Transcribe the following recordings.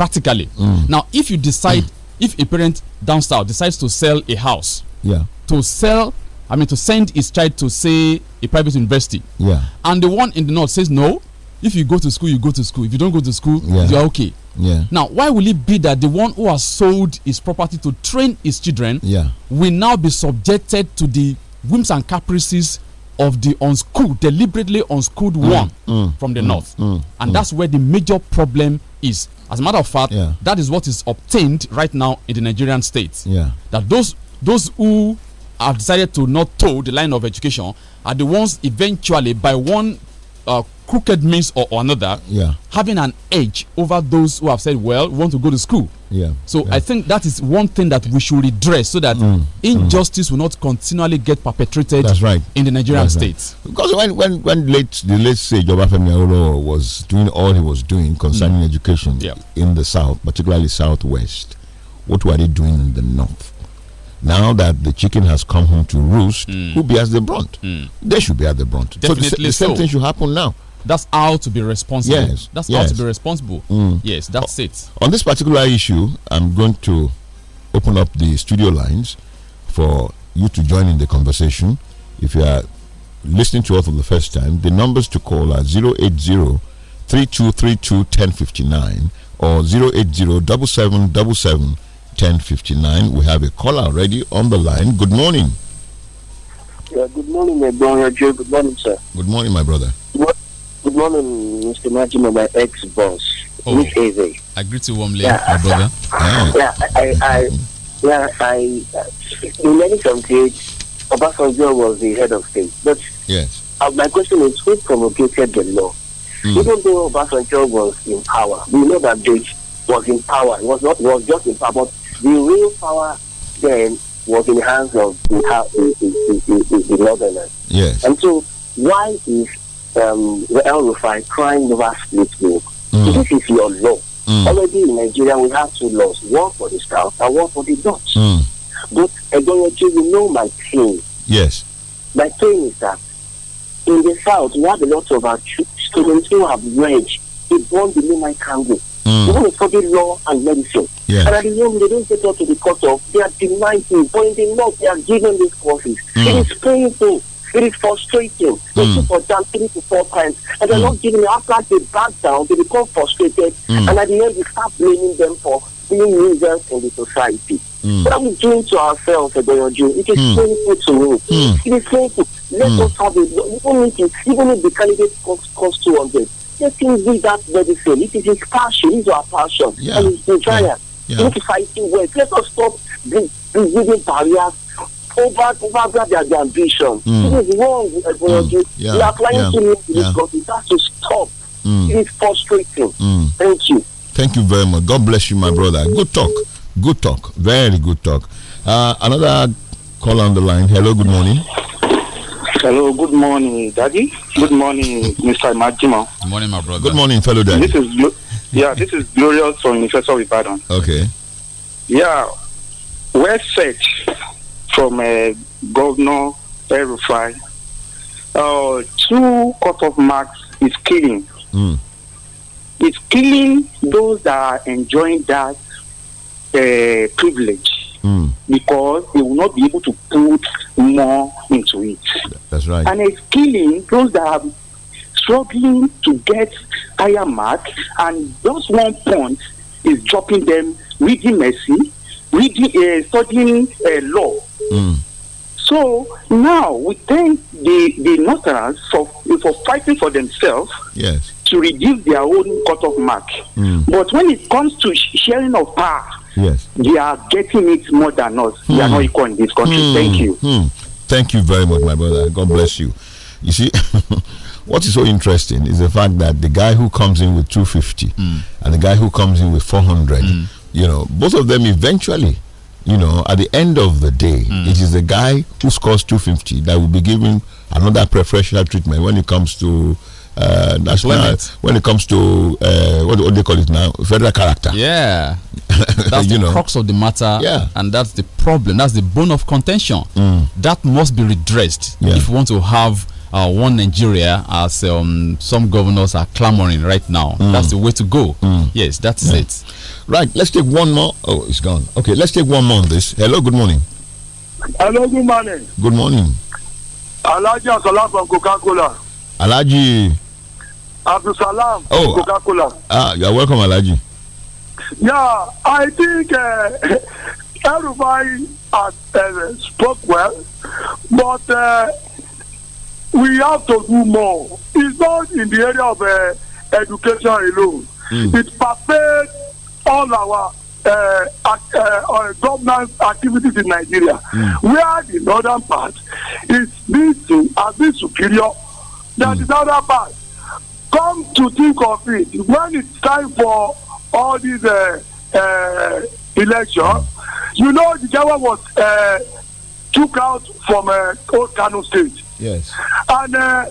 practically. Mm. Now, if you decide, mm. if a parent down south decides to sell a house, yeah, to sell, I mean, to send his child to say a private university, yeah, and the one in the north says no. If you go to school, you go to school. If you don't go to school, yeah. you are okay. Yeah. Now, why will it be that the one who has sold his property to train his children yeah. will now be subjected to the whims and caprices of the unschooled, deliberately unschooled mm, one mm, from the mm, north. Mm, and mm. that's where the major problem is. As a matter of fact, yeah. that is what is obtained right now in the Nigerian state. Yeah. That those those who have decided to not toe the line of education are the ones eventually by one uh, crooked means or, or another yeah. having an edge over those who have said, well, want to go to school. Yeah. So yeah. I think that is one thing that we should redress so that mm. mm. injustice mm. will not continually get perpetrated That's right. in the Nigerian That's states. Right. Because when when when late the late say of Afemi was doing all he was doing concerning mm. education yeah. in the south, particularly southwest, what were they doing in the north? Now that the chicken has come home to roost, mm. who bears the brunt? Mm. They should bear the brunt. Definitely so the, the same so. thing should happen now. That's how to be responsible. Yes, that's yes. how to be responsible. Mm. Yes, that's o it. On this particular issue, I'm going to open up the studio lines for you to join in the conversation. If you are listening to us for the first time, the numbers to call are 080 3232 or 080 1059. We have a caller already on the line. Good morning. Yeah, good morning, my brother. Good morning, sir. Good morning, my brother. What? Good morning, Mr. Majima, my ex boss. Oh, I greet you warmly, yeah, my brother. Yeah, yeah I, I, yeah, I, uh, in many countries, Obasanjo was the head of state. But yes. Uh, my question is who promulgated the law? Mm. Even though Obasanjo was in power, we know that this was in power. It was not was just in power, but the real power then was in the hands of the, the, the, the, the northerners. Yes. And so why is um, the El Rufai crying over split milk. Mm. This is your law. Mm. Already in Nigeria, we have two laws one for the South and one for the Dutch. Mm. But again, you know my thing. Yes. My thing is that in the South, we have a lot of our students who have rage. they born below my candle. Mm. They want to study law and medicine. Yes. And at the end, they don't get up to the court of. They are denied it. But in the north, they are given these courses. Mm. It is painful. It is frustrating. They mm. shoot for down three to four times, and they're mm. not giving up. After they back down, they become frustrated, mm. and at the end, we start blaming them for being nuisance in the society. Mm. What are we doing to ourselves, Adeyanju? It is mm. to me. Mm. It is painful. Let mm. us have it. even if, it, even if the candidate costs, costs 200, let him be that medicine. It is his passion, it's our passion, yeah. and his desire. Yeah. Yeah. well. Let us stop building barriers over over their, their ambition. Mm. This is wrong, Ebonoji. Eh, mm. Yeah. We are trying yeah. to make this country. That's to stop. Mm. It is frustrating. Mm. Thank you. Thank you very much. God bless you, my brother. Good talk. Good talk. Very good talk. Uh, another call on the line. Hello, good morning. Hello, good morning, Daddy. Good morning, Mr. Majima. Good morning, my brother. Good morning, fellow Daddy. This is yeah, this is glorious from Professor Ibadan. Okay. Yeah, well said from uh, Governor Erufai. Uh, two of marks is killing. Mm. It's killing those that are enjoying that uh, privilege mm. because they will not be able to put more into it. That's right. And it's killing those that are struggling to get higher marks and just one point is dropping them reading mercy, reading, uh, studying uh, law Mm. So now we thank the, the Northerners for, for fighting for themselves yes. to reduce their own cut cut-off mark. Mm. But when it comes to sharing of power, yes. they are getting it more than us. Mm. They are mm. not equal in this country. Mm. Thank you. Mm. Thank you very much, my brother. God bless you. You see, what is so interesting is the fact that the guy who comes in with 250 mm. and the guy who comes in with 400, you know, both of them eventually you know, at the end of the day, mm. it is a guy who scores 250 that will be given another preferential treatment when it comes to uh, national Limit. when it comes to uh, what, what they call it now federal character. Yeah, that's the know. crux of the matter. Yeah, and that's the problem. That's the bone of contention. Mm. That must be redressed yeah. if you want to have uh, one Nigeria as um, some governors are clamoring right now. Mm. That's the way to go. Mm. Yes, that's yeah. it. Right, let's take one more. Oh, it's gone. Okay, let's take one more on this. Hello, good morning. Hello, good morning. Good morning. Alaji Asala from Coca Cola. Alaji. Abdul Salam oh, from Coca Cola. Ah, you're welcome, Alaji. Yeah, I think uh, everybody has uh, spoke well, but. Uh, we have to do more. It's not in the area of uh, education alone. Mm. It pervades all our uh, uh, uh governance activities in Nigeria, mm. are the northern part is being as this superior than mm. the hmm. southern part. Come to think of it, when it's time for all these uh, uh elections, you know, the Jawa was uh, took out from uh, old Kano state. Yes. And uh,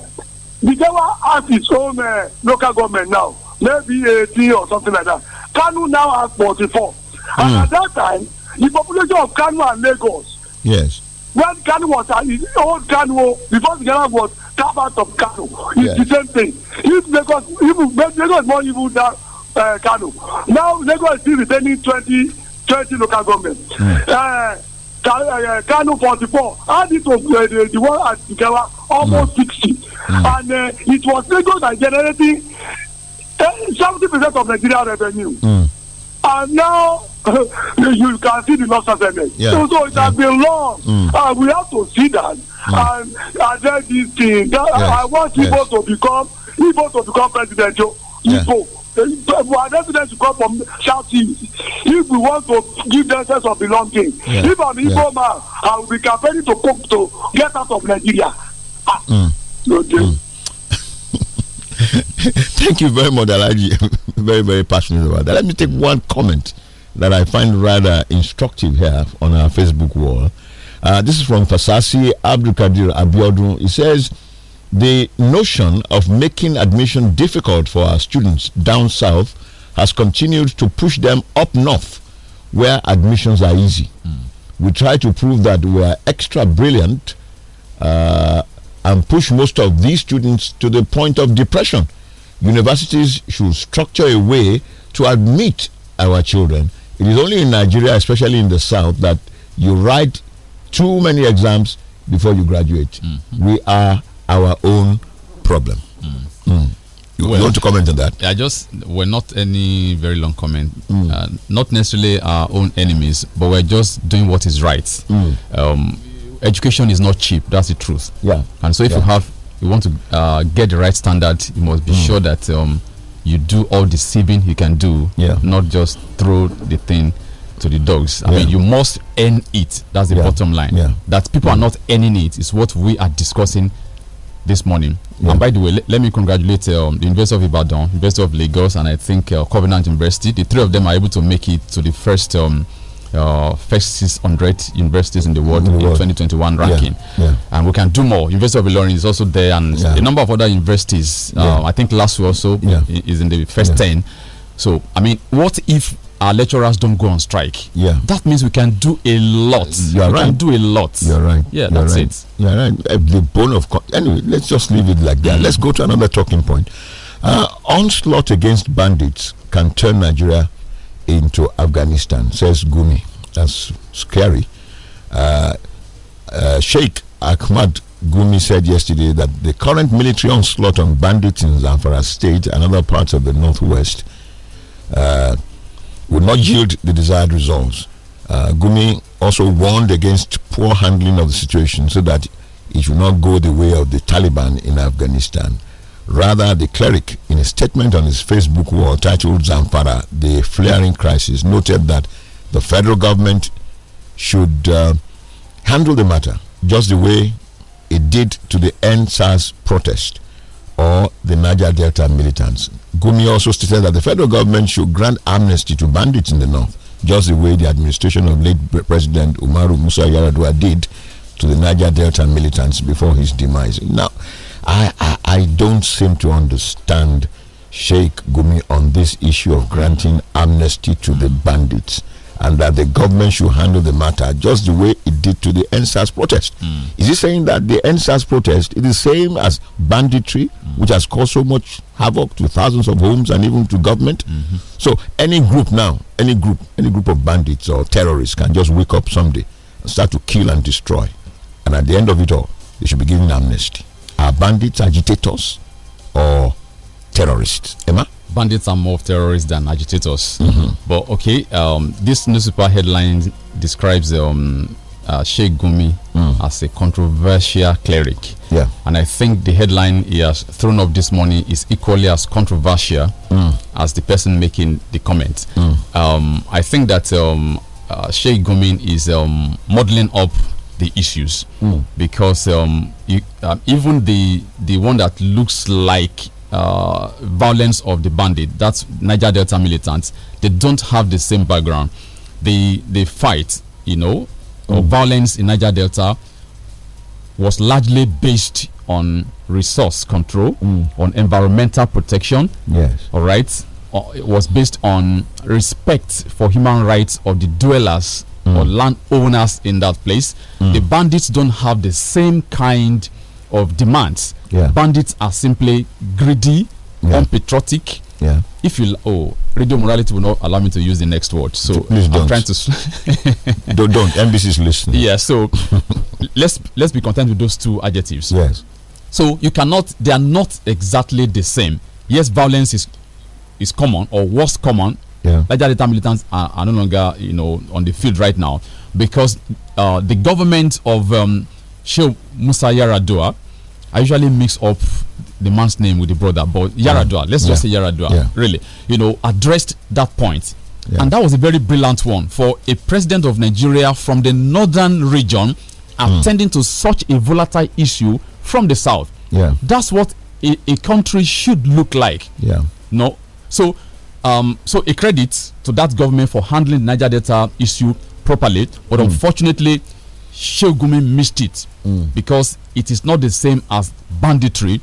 the ask has its own uh, local government now, maybe 80 or something like that. Kanu now has 44. Mm. And hmm. at that time, the population of Kanu and Lagos. Yes. When Kanu was uh, old Kanu, before the Ghana was carved out of Kanu, it's yes. the same thing. If Lagos, even Lagos more evil than uh, Kanu. Now Lagos is still retaining 20, 20 local government. Mm. Uh, Eh, Kano 44, add it to uh, eh, the, the one at almost mm. 60. Mm. And uh, it was Lagos that generating 70% of Nigeria revenue. Mm. And now you can see the loss of them. So, so it has been long. Mm. Uh, we have to see that mm. and address this thing. That, yes. I want people yes. to become, people to become president. Igbo. Yeah for residents to come from south east if we want to give them sense of belonging yeah. if i'm igbo yeah. man i will be campaigning to come to get out of nigeria. Ah. Mm. Okay. Mm. Thank you very much, Alaji. very, very passionate about that. Let me take one comment that I find rather instructive here on our Facebook wall. Uh, this is from Fasasi Abdul Kadir Abiodun. He says, the notion of making admission difficult for our students down south has continued to push them up north where admissions are easy. Mm. We try to prove that we are extra brilliant uh, and push most of these students to the point of depression. Universities should structure a way to admit our children. It is only in Nigeria, especially in the South, that you write too many exams before you graduate. Mm -hmm. We are our own problem. Mm. Mm. You, well, you, want to comment on that? I just we're not any very long comment. Mm. Uh, not necessarily our own enemies, but we're just doing what is right. Hmm. Um, education is not cheap. That's the truth. Yeah. And so if yeah. you have you want to uh, get the right standard, you must be hmm. sure that um, you do all the saving you can do. Yeah. Not just throw the thing to the dogs. I yeah. mean, you must earn it. That's the yeah. bottom line. Yeah. That people are hmm. not earning it is what we are discussing this morning. Yeah. And by the way, let, let me congratulate um, the University of Ibadan, University of Lagos, and I think uh, Covenant University. The three of them are able to make it to the first um, uh, first 600 universities in the world in, the world. 2021 ranking. Yeah. Yeah. And we can do more. University of Ilorin is also there, and a number of other universities. Uh, I think last year also is in the first 10. So, I mean, what if our lecturers don't go on strike. Yeah. That means we can do a lot. You're we right. can do a lot. You're right. Yeah, You're that's right. it. You're right. Eh, the bone of. Anyway, let's just leave it like that. Let's go to another talking point. Uh, onslaught against bandits can turn Nigeria into Afghanistan, says Gumi. That's scary. Uh, uh, Sheikh Ahmad Gumi said yesterday that the current military onslaught on bandits in Zamfara state and other parts of the northwest uh, would not yield the desired results. Uh, Gumi also warned against poor handling of the situation so that it should not go the way of the Taliban in Afghanistan. Rather, the cleric, in a statement on his Facebook wall titled Zamfara, the Flaring Crisis, noted that the federal government should uh, handle the matter just the way it did to the end SARS protest or the Niger Delta militants. Gumi also stated that the federal government should grant amnesty to bandits in the north, just the way the administration of late President Umaru Musa Yaradua did to the Niger Delta militants before his demise. Now, I, I, I don't seem to understand Sheikh Gumi on this issue of granting amnesty to the bandits and that the government should handle the matter just the way it did to the NSAS protest. Mm. Is it saying that the NSAS protest is the same as banditry, mm. which has caused so much havoc to thousands of homes and even to government? Mm -hmm. So any group now, any group, any group of bandits or terrorists can just wake up someday and start to kill and destroy. And at the end of it all, they should be given amnesty. Are bandits agitators or terrorists. Emma? Bandits are more terrorists than agitators. Mm -hmm. But okay, um, this newspaper headline describes um, uh, Sheikh Gumi mm. as a controversial cleric. Yeah. And I think the headline he has thrown up this morning is equally as controversial mm. as the person making the comment. Mm. Um, I think that um, uh, Sheikh Gumi is um, modeling up the issues mm. because um, you, uh, even the the one that looks like uh, violence of the bandit, that's Niger Delta militants, they don't have the same background. They they fight, you know, uh, mm. violence in Niger Delta was largely based on resource control, mm. on environmental protection. Yes. All right. Uh, it was based on respect for human rights of the dwellers mm. or landowners in that place. The mm. bandits don't have the same kind of demands. Yeah. Bandits are simply greedy, yeah. unpatriotic. Yeah. If you oh radio morality will not allow me to use the next word, so please I'm don't. trying to don't don't. NBC is listening. Yeah. So let's let's be content with those two adjectives. Yes. So you cannot. They are not exactly the same. Yes, violence is is common or was common. Yeah. that, the militants are, are, no longer you know on the field right now because uh, the government of um, Sheikh Musa Yaradua. I usually mix up the man's name with the brother, but Yaradua, let's yeah. just say Yaradua, yeah. really, you know, addressed that point. Yeah. And that was a very brilliant one for a president of Nigeria from the northern region hmm. attending mm. to such a volatile issue from the south. Yeah. That's what a, a country should look like. Yeah. No. So um, so a credit to that government for handling Niger Delta issue properly. But mm. unfortunately, Shogumi missed it mm. because it is not the same as banditry.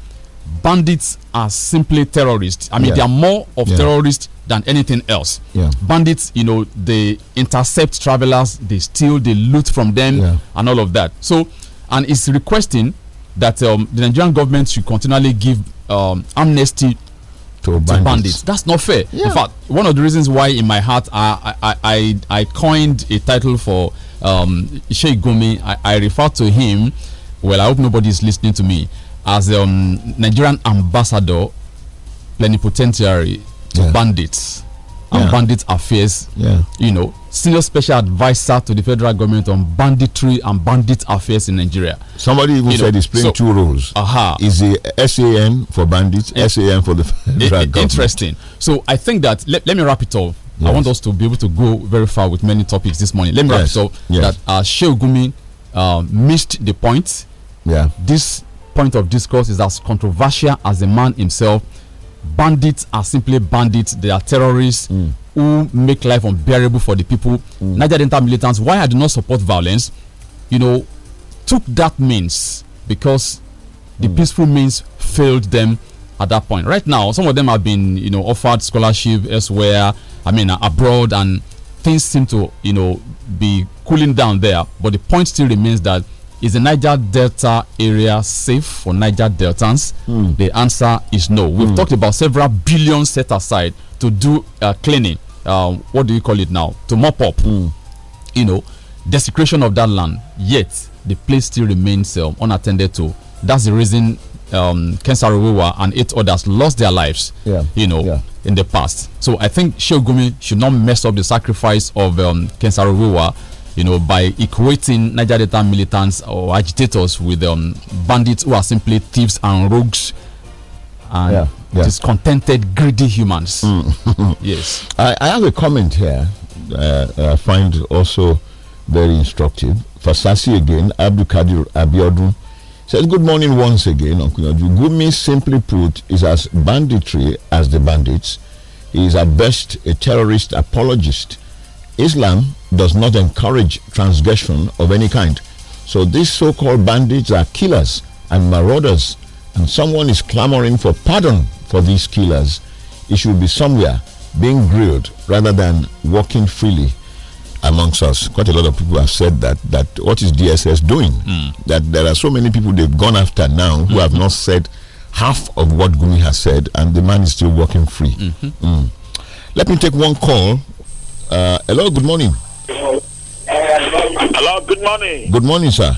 Bandits are simply terrorists. I mean, yeah. they are more of yeah. terrorists than anything else. Yeah. Bandits, you know, they intercept travelers, they steal, they loot from them, and all of that. So, and it's requesting that um, the Nigerian government should continually give um, amnesty to bandits. to bandits. That's not fair. Yeah. In fact, one of the reasons why in my heart I I, I, I coined a title for um, Sheikh Gumi. I, I refer to him. Well, I hope nobody is listening to me as um, Nigerian ambassador plenipotentiary to yeah. bandits and yeah. bandit affairs. Yeah. You know, senior special advisor to the federal government on banditry and bandit affairs in Nigeria. Somebody even you said know, he's playing so, two roles. Aha. Is the SAN for bandits, it, SAN for the federal it, government. Interesting. So I think that let, let me wrap it up. Yes. I want us to be able to go very far with many topics this morning. Let me yes. wrap it up yes. that uh, Sheogumi uh, um, missed the point. Yeah. This point of discourse is as controversial as the man himself bandits are simply bandits. They are terrorists mm. who make life unbearable for the people. Mm. Niger Delta militants, why I do not support violence, you know, took that means because the mm. peaceful means failed them at that point. Right now, some of them have been, you know, offered scholarship elsewhere. I mean, uh, abroad, and things seem to, you know, be cooling down there. But the point still remains that is the Niger Delta area safe for Niger Deltans? Mm. The answer is no. We've mm. talked about several billions set aside to do uh, cleaning. Um, what do you call it now? To mop up, mm. you know, desecration of that land. Yet the place still remains uh, unattended to. That's the reason um, and eight others lost their lives, yeah. you know, yeah. in the past. So I think Shogumi should not mess up the sacrifice of um, you know, by equating Niger Delta militants or agitators with um, bandits who are simply thieves and rogues and yeah, yeah. discontented, greedy humans. Mm. yes. I, I, have a comment here uh, I find also very instructive. Fasasi again, Abdul Kadir Abiodun says, Good morning once again, Uncle Gumi, simply put, is as banditry as the bandits. He is at best a terrorist apologist. Islam does not encourage transgression of any kind. So these so-called bandits are killers and marauders, and someone is clamoring for pardon for these killers. It should be somewhere being grilled rather than walking freely amongst us. Quite a lot of people have said that that what is DSS doing? Mm. That there are so many people they've gone after now who mm -hmm. have not said half of what Gumi has said, and the man is still walking free. Mm -hmm. Let me take one call. Uh, hello, good morning. Hello, good morning. Good morning, sir.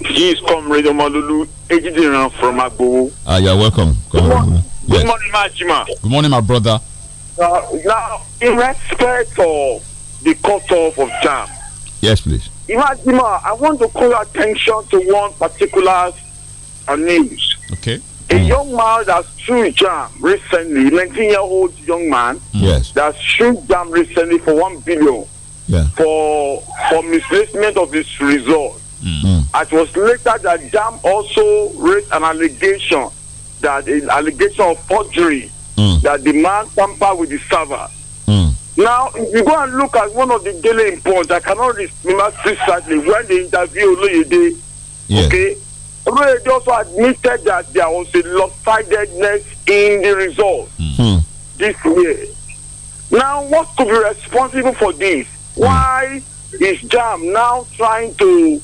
This is Comrade Omalulu Ejidiran from Agbo. Ah, you're welcome. Good morning, yes. good morning, Majima. Good morning, my brother. Uh, now, in respect of the cutoff of jam. Yes, please. Imajima, I want to call attention to one particular news. Okay. A mm. young man that's threw jam recently, 19 year old young man. Yes. That's threw jam recently for 1 billion yeah. for for misplacement of his result. Mm. mm. It was later that Jam also raised an allegation that an allegation of forgery mm. that the man tampered with the server. Mm. Now, if you go and look at one of the daily reports, I cannot remember precisely when they interviewed you Yeah. Okay, Oluyede also admitted that there was a lopsidedness in the result mm. this year. Now, what could be responsible for this? Why is JAM now trying to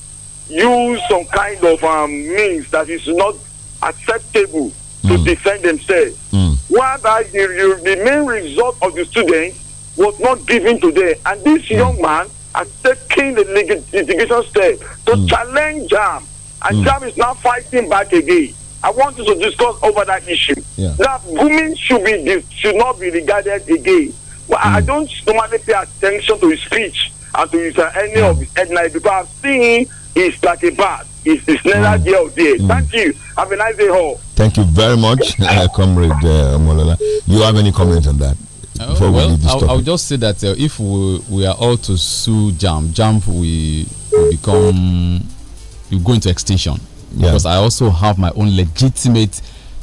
use some kind of um, means that is not acceptable to mm. defend themselves? Mm. the, the, main result of the students was not given to them. And this hmm. young man has taken the litigation step to mm. challenge JAM. And hmm. JAM is now fighting back again. I want you to discuss over that issue. Yeah. That women should be should not be regarded again well, mm. I hmm. don't normally pay attention to his speech and to his, uh, any of his headlines because I've seen it's like a bat. It's, it's neither mm. here or there. Mm. Thank you. Have a nice day, all. Thank you very much, uh, Comrade uh, You have any comment on that? Uh, well, I'll, I'll, just say that uh, if we, we are all to sue Jam, Jam we, become you go into extinction. Yeah. Because I also have my own legitimate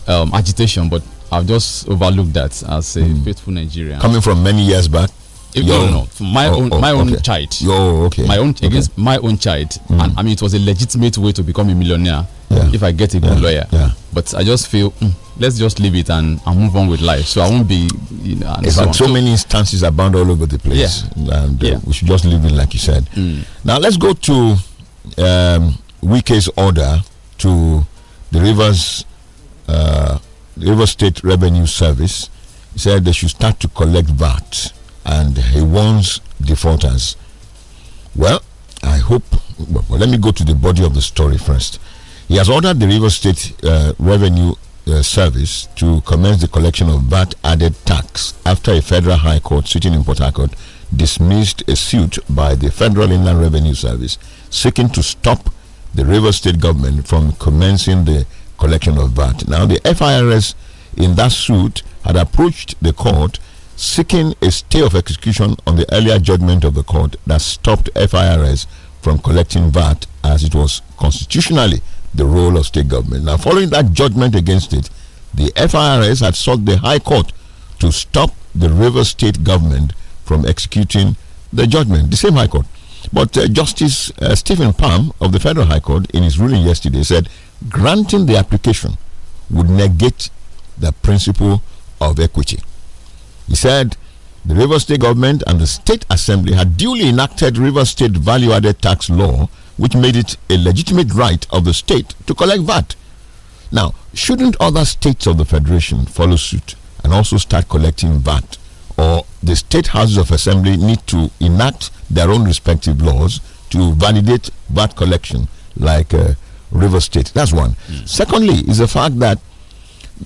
um, agitation, but I've just overlooked that as a mm. faithful Nigerian. Coming from many years back. If, no, no, no. My oh, own, oh, my okay. own child. Yo, oh, okay. My own okay. against my own child, mm. and I mean it was a legitimate way to become a millionaire yeah. if I get a good yeah. lawyer. Yeah. But I just feel mm, let's just leave it and, and move on with life. So I won't be. You know, in so, so, many instances abound all over the place, yeah. and uh, we should just leave it like you said. Mm. Now let's go to um, Wike's order to the rivers. Uh, the River State Revenue Service said they should start to collect VAT and he warns defaulters. Well, I hope. Well, let me go to the body of the story first. He has ordered the River State uh, Revenue uh, Service to commence the collection of VAT added tax after a federal high court sitting in Port Harcourt dismissed a suit by the Federal Inland Revenue Service seeking to stop the River State government from commencing the collection of VAT. Now, the FIRS in that suit had approached the court seeking a stay of execution on the earlier judgment of the court that stopped FIRS from collecting VAT as it was constitutionally the role of state government. Now, following that judgment against it, the FIRS had sought the High Court to stop the River State government from executing the judgment. The same High Court. But uh, Justice uh, Stephen Palm of the Federal High Court, in his ruling yesterday, said granting the application would negate the principle of equity. He said the Rivers State government and the State Assembly had duly enacted Rivers State Value Added Tax Law, which made it a legitimate right of the state to collect VAT. Now, shouldn't other states of the Federation follow suit and also start collecting VAT or the state houses of assembly need to enact their own respective laws to validate VAT collection, like uh, River State. That's one. Mm. Secondly, is the fact that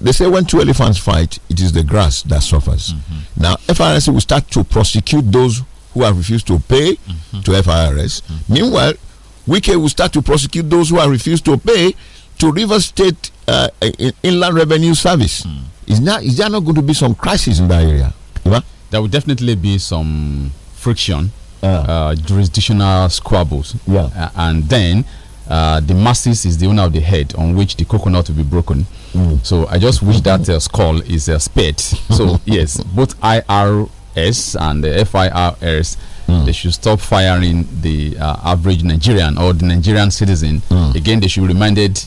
they say when two elephants fight, it is the grass that suffers. Mm -hmm. Now, FRS will start to prosecute those who have refused to pay mm -hmm. to FRS. -hmm. Meanwhile, Wike will start to prosecute those who have refused to pay to River State uh, Inland Revenue Service. Mm. Is, not, is there not going to be some crisis in that area? There will definitely be some friction, ah. uh, jurisdictional squabbles. Yeah. Uh, and then uh, the masses is the owner of the head on which the coconut will be broken. Mm. So I just wish that uh, skull is uh, spared. So yes, both IRS and the FIRS. Mm. They should stop firing the uh, average Nigerian or the Nigerian citizen. Mm. Again, they should be reminded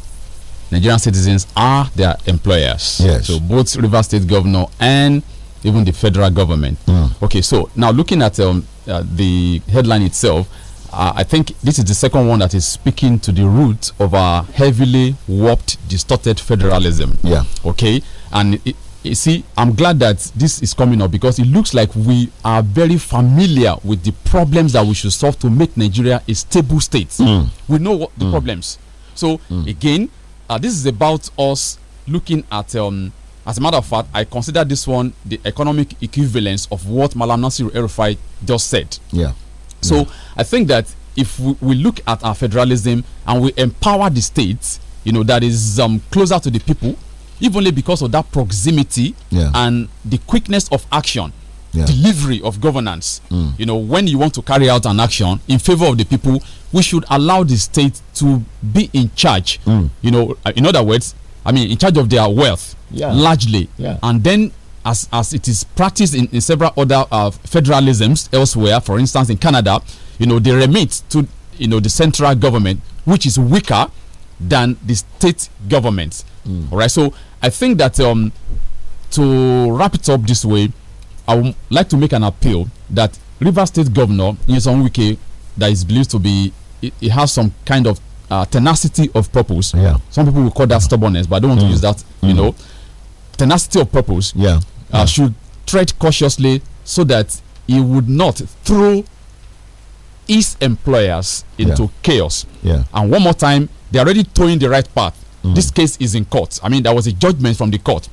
Nigerian citizens are their employers. Yes. So both River State Governor and even the federal government. Mm. Okay, so now looking at um, uh, the headline itself, uh, I think this is the second one that is speaking to the root of our heavily warped, distorted federalism. Yeah. Okay, and it, you see, I'm glad that this is coming up because it looks like we are very familiar with the problems that we should solve to make Nigeria a stable state. Mm. We know what the mm. problems. So hmm. again, uh, this is about us looking at um, as a matter of fact, I consider this one the economic equivalence of what Malam Nasir Erufai just said. Yeah. So yeah. I think that if we, we, look at our federalism and we empower the states, you know, that is um, closer to the people, even because of that proximity yeah. and the quickness of action. Yeah. delivery of governance. Mm. You know, when you want to carry out an action in favor of the people, we should allow the state to be in charge. Mm. You know, uh, in other words, I mean, in charge of their wealth, yeah. largely. Yeah. And then, as, as it is practiced in, in several other uh, federalisms elsewhere, for instance, in Canada, you know, they remit to, you know, the central government, which is weaker than the state government. Mm. All right. So I think that um, to wrap it up this way, I would like to make an appeal that River State Governor Nyesom Wike, that is believed to be, he, it has some kind of uh, tenacity of purpose. Yeah. Some people will call that stubbornness, but I don't want mm. to use that. You mm. know, tenacity of purpose. Yeah. Uh, Should tread cautiously so that he would not throw his employers into yeah. chaos. Yeah. And one more time, they're already towing the right path. Mm. This case is in court. I mean, there was a judgment from the court,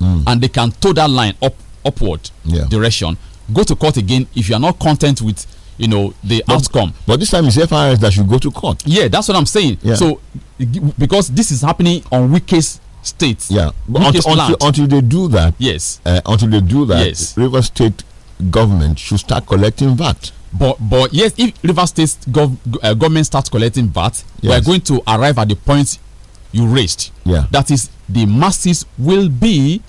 mm. and they can tow that line up upward yeah. direction. Go to court again if you are not content with you know the but, outcome. But this time it's FIRS that should go to court. Yeah, that's what I'm saying. Yeah. So because this is happening on weakest states. Yeah, weakest until, until, until, they do that. Yes. Uh, until they do that, yes. River State government should start collecting VAT. But but yes, if River State gov uh, government starts collecting VAT, yes. we're going to arrive at the point you raised. Yeah. That is, the masses will be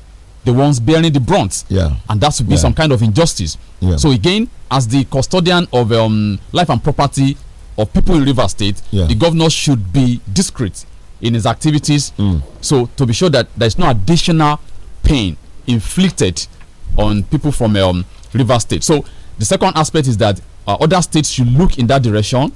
the ones bearing the brunt. Yeah. And that would be yeah. some kind of injustice. Yeah. So again, as the custodian of um, life and property of people in River State, yeah. the governor should be discreet in his activities. Mm. So to be sure that there is no additional pain inflicted on people from um, River State. So the second aspect is that uh, other states should look in that direction.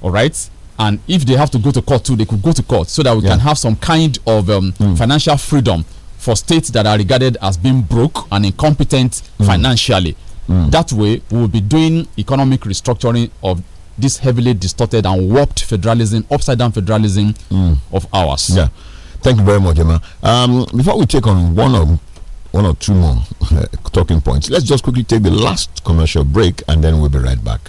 All right. And if they have to go to court too, they could go to court so that we yeah. can have some kind of um, mm. financial freedom for states that are regarded as being broke and incompetent mm. financially. Mm. That way, we will be doing economic restructuring of this heavily distorted and warped federalism, upside down federalism mm. of ours. Yeah. Thank you very much, Emma. Um, before we take on one or one or two more uh, talking points, let's just quickly take the last commercial break and then we'll be right back.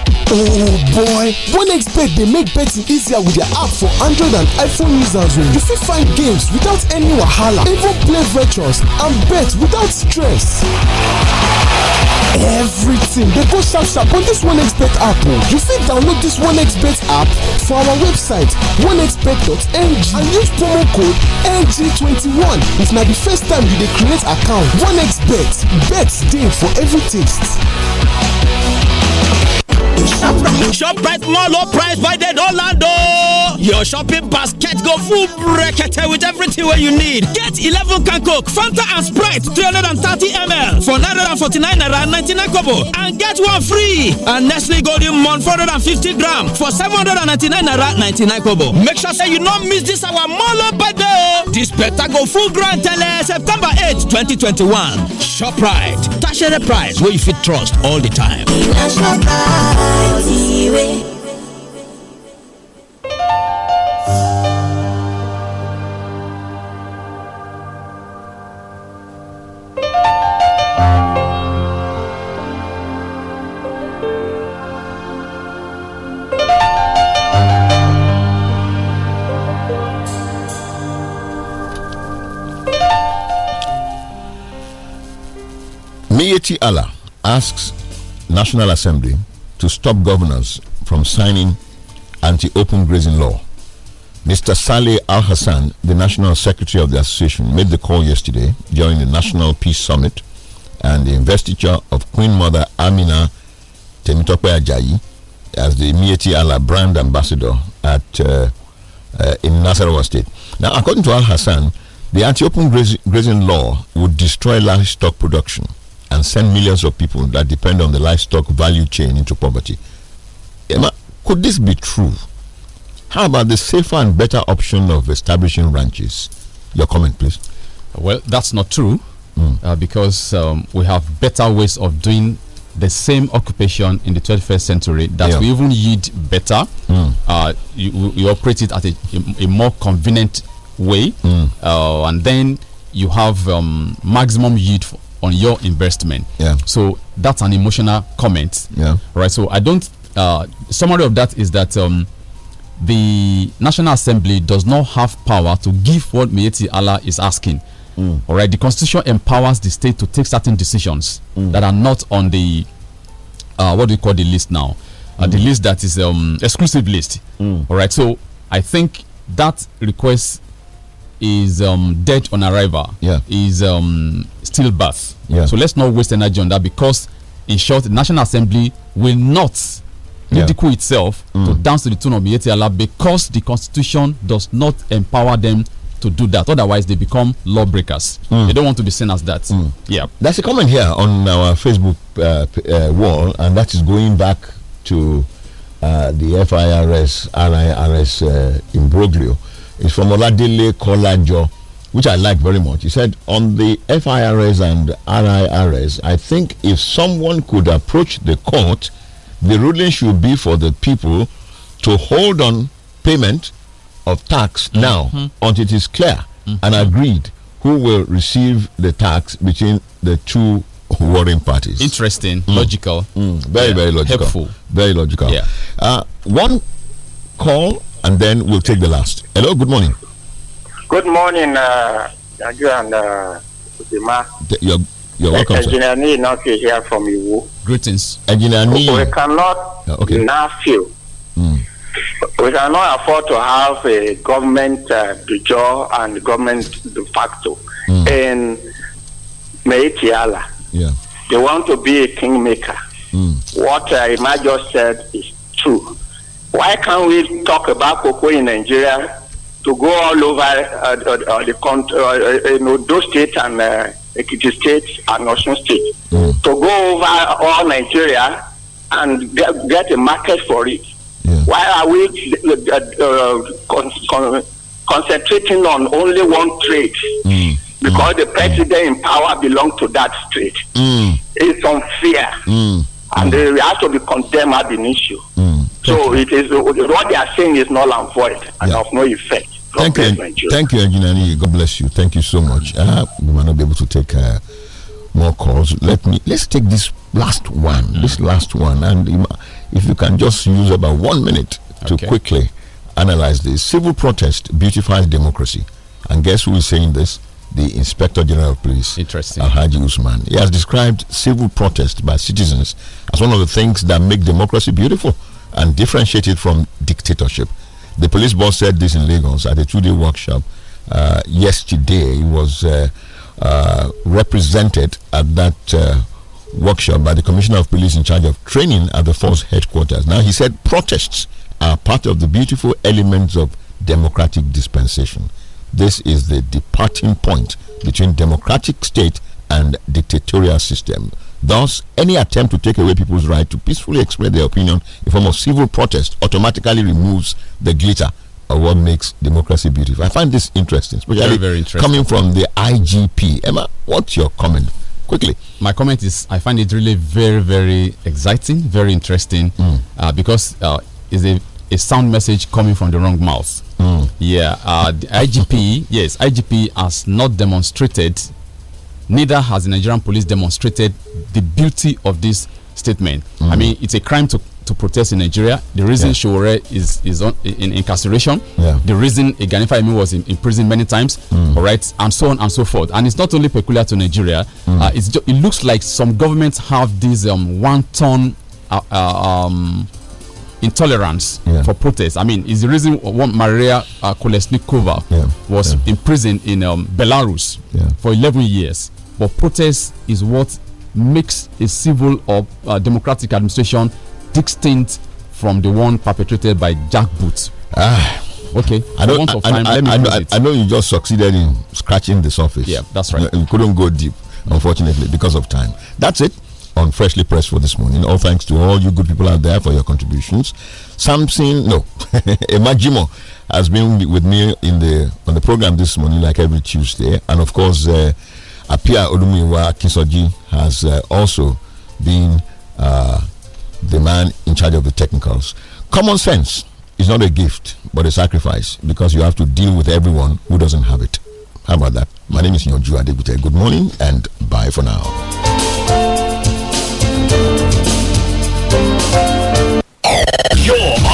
oh boy onexbet they make betting easier with their app for android and iphone users o oh. you fit find games without any wahala even play virtuals and bet without stress everything they go sharp sharp on this onexbet app o oh. you fit download this onexbet app for our website onexbet.ng and use promo code ng21 if not the first time you create account onexbet bets day for every taste ShopRite Mall low price by Dead Orlando. Oh? Your shopping basket go full brekete with everything where you need. Get 11 can Coke, Fanta and Sprite 330 ml for 949 naira 99 kobo and get one free. And Nestle Golden Mon 450 gram for 799 naira 99 kobo. Make sure say you not miss this our Mall by Day. This better go full grand tele September 8, 2021. ShopRite, Tashere price where you fit trust all the time. Mieti Allah asks National Assembly to stop governors from signing anti-open grazing law. Mr. Saleh Al Hassan, the National Secretary of the Association, made the call yesterday during the National Peace Summit and the investiture of Queen Mother Amina Temitope Ajayi as the Mieti Allah brand ambassador at uh, uh, in Nasarawa State. Now, according to Al Hassan, the anti-open grazing, grazing law would destroy livestock production and send millions of people that depend on the livestock value chain into poverty. Emma, could this be true? How about the safer and better option of establishing ranches? Your comment, please. Well, that's not true mm. uh, because um, we have better ways of doing the same occupation in the 21st century that yeah. we even yield better. Mm. Uh, you, you, operate it at a, a more convenient way, mm. uh, and then you have um, maximum yield for, on your investment. Yeah. So that's an emotional comment. Yeah. Right. So I don't. Uh, summary of that is that um, the National Assembly does not have power to give what Mieti Allah is asking. Mm. All right. The Constitution empowers the state to take certain decisions mm. that are not on the uh, what do you call the list now? Uh, mm. The list that is um exclusive list. Mm. All right. So I think that request is um, on arrival, yeah. is um, stillbirth. Yeah. So let's not waste energy on that because, in short, the National Assembly will not yeah. ridicule itself mm. to dance to the tune of Yetiala because the Constitution does not empower them to do that. Otherwise, they become lawbreakers. Mm. They don't want to be seen as that. Mm. Yeah. That's a comment here on our Facebook uh, uh, wall, and that is going back to uh, the FIRS, RIRS uh, imbroglio is from Oladile Kolajo, which I like very much. He said, On the FIRS and RIRS, I think if someone could approach the court, the ruling should be for the people to hold on payment of tax mm -hmm. now until it is clear mm -hmm. and agreed who will receive the tax between the two warring parties. Interesting, mm. logical, mm. very yeah. very logical, helpful, very logical. Yeah. Uh, one call and then we'll take the last. Hello, good morning. Good morning, uh, and uh, You're, you're welcome. Engineer Nee not here from you. Greetings. Engineer Nee. We cannot oh, okay. now feel. Mm. We cannot afford to have a government uh, de jure and government de facto mm. in Meitiala. Yeah. They want to be a kingmaker. Mm. What uh, Imad just said is true. Why can't we talk about cocoa in Nigeria to go all over uh, uh, uh the country, uh, you uh, know, those states and uh, Ekiti and Osun State, mm. to go over all Nigeria and get, get a market for it? Yeah. Why are we uh, con con concentrating on only one trade? Mm. Because mm. the mm. president in power belongs to that state. Mm. It's unfair. Mm. And we have to be condemned at the issue. So it is what they are saying is null and void and yeah. of no effect. God thank you, Nigeria. thank you, Engineer. God bless you. Thank you so much. Uh, we might not be able to take uh, more calls. Let me let's take this last one. Hmm. This last one, and if you can just use about one minute to okay. quickly analyze this. Civil protest beautifies democracy, and guess who is saying this? The Inspector General of Police, Interesting. Alhaji Usman. He has described civil protest by citizens as one of the things that make democracy beautiful and differentiate it from dictatorship. The police boss said this in Lagos at a two-day workshop uh, yesterday. He was uh, uh, represented at that uh, workshop by the commissioner of police in charge of training at the force headquarters. Now he said protests are part of the beautiful elements of democratic dispensation. This is the departing point between democratic state and dictatorial system. Thus, any attempt to take away people's right to peacefully express their opinion in form of civil protest automatically removes the glitter of what makes democracy beautiful. I find this interesting, especially very, very interesting. coming from the IGP. Emma, what's your comment? Quickly. My comment is I find it really very, very exciting, very interesting, mm. uh, because uh, it's a, a sound message coming from the wrong mouth. Mm. Yeah, uh, the IGP, yes, IGP has not demonstrated neither has the Nigerian police demonstrated the beauty of this statement. Mm. I mean, it's a crime to to protest in Nigeria. The reason yeah. Shore is is on, in incarceration. Yeah. The reason Iganifa Emi was in, in, prison many times. Mm. All right, and so on and so forth. And it's not only peculiar to Nigeria. Mm. Uh, it's it looks like some governments have this um, one ton. Uh, uh, um, intolerance yeah. for protest. I mean, is the reason why Maria uh, Kolesnikova yeah. was yeah. imprisoned in um, Belarus for 11 years. But protest is what makes a civil or uh, democratic administration distinct from the one perpetrated by jackboots. Ah. Okay. I don't, I, time, I, I, know, I, know you just succeeded in scratching the surface. Yeah, that's right. You couldn't go deep, unfortunately, because of time. That's it on Freshly Pressed for this morning. All thanks to all you good people out there for your contributions. Something, no, Emajimo has been with me in the on the program this morning, like every Tuesday, and of course. Uh, Apia Olumiwa Kisoji has uh, also been uh, the man in charge of the technicals. Common sense is not a gift, but a sacrifice because you have to deal with everyone who doesn't have it. How about that? My name is Nyonju Adebute. Good morning and bye for now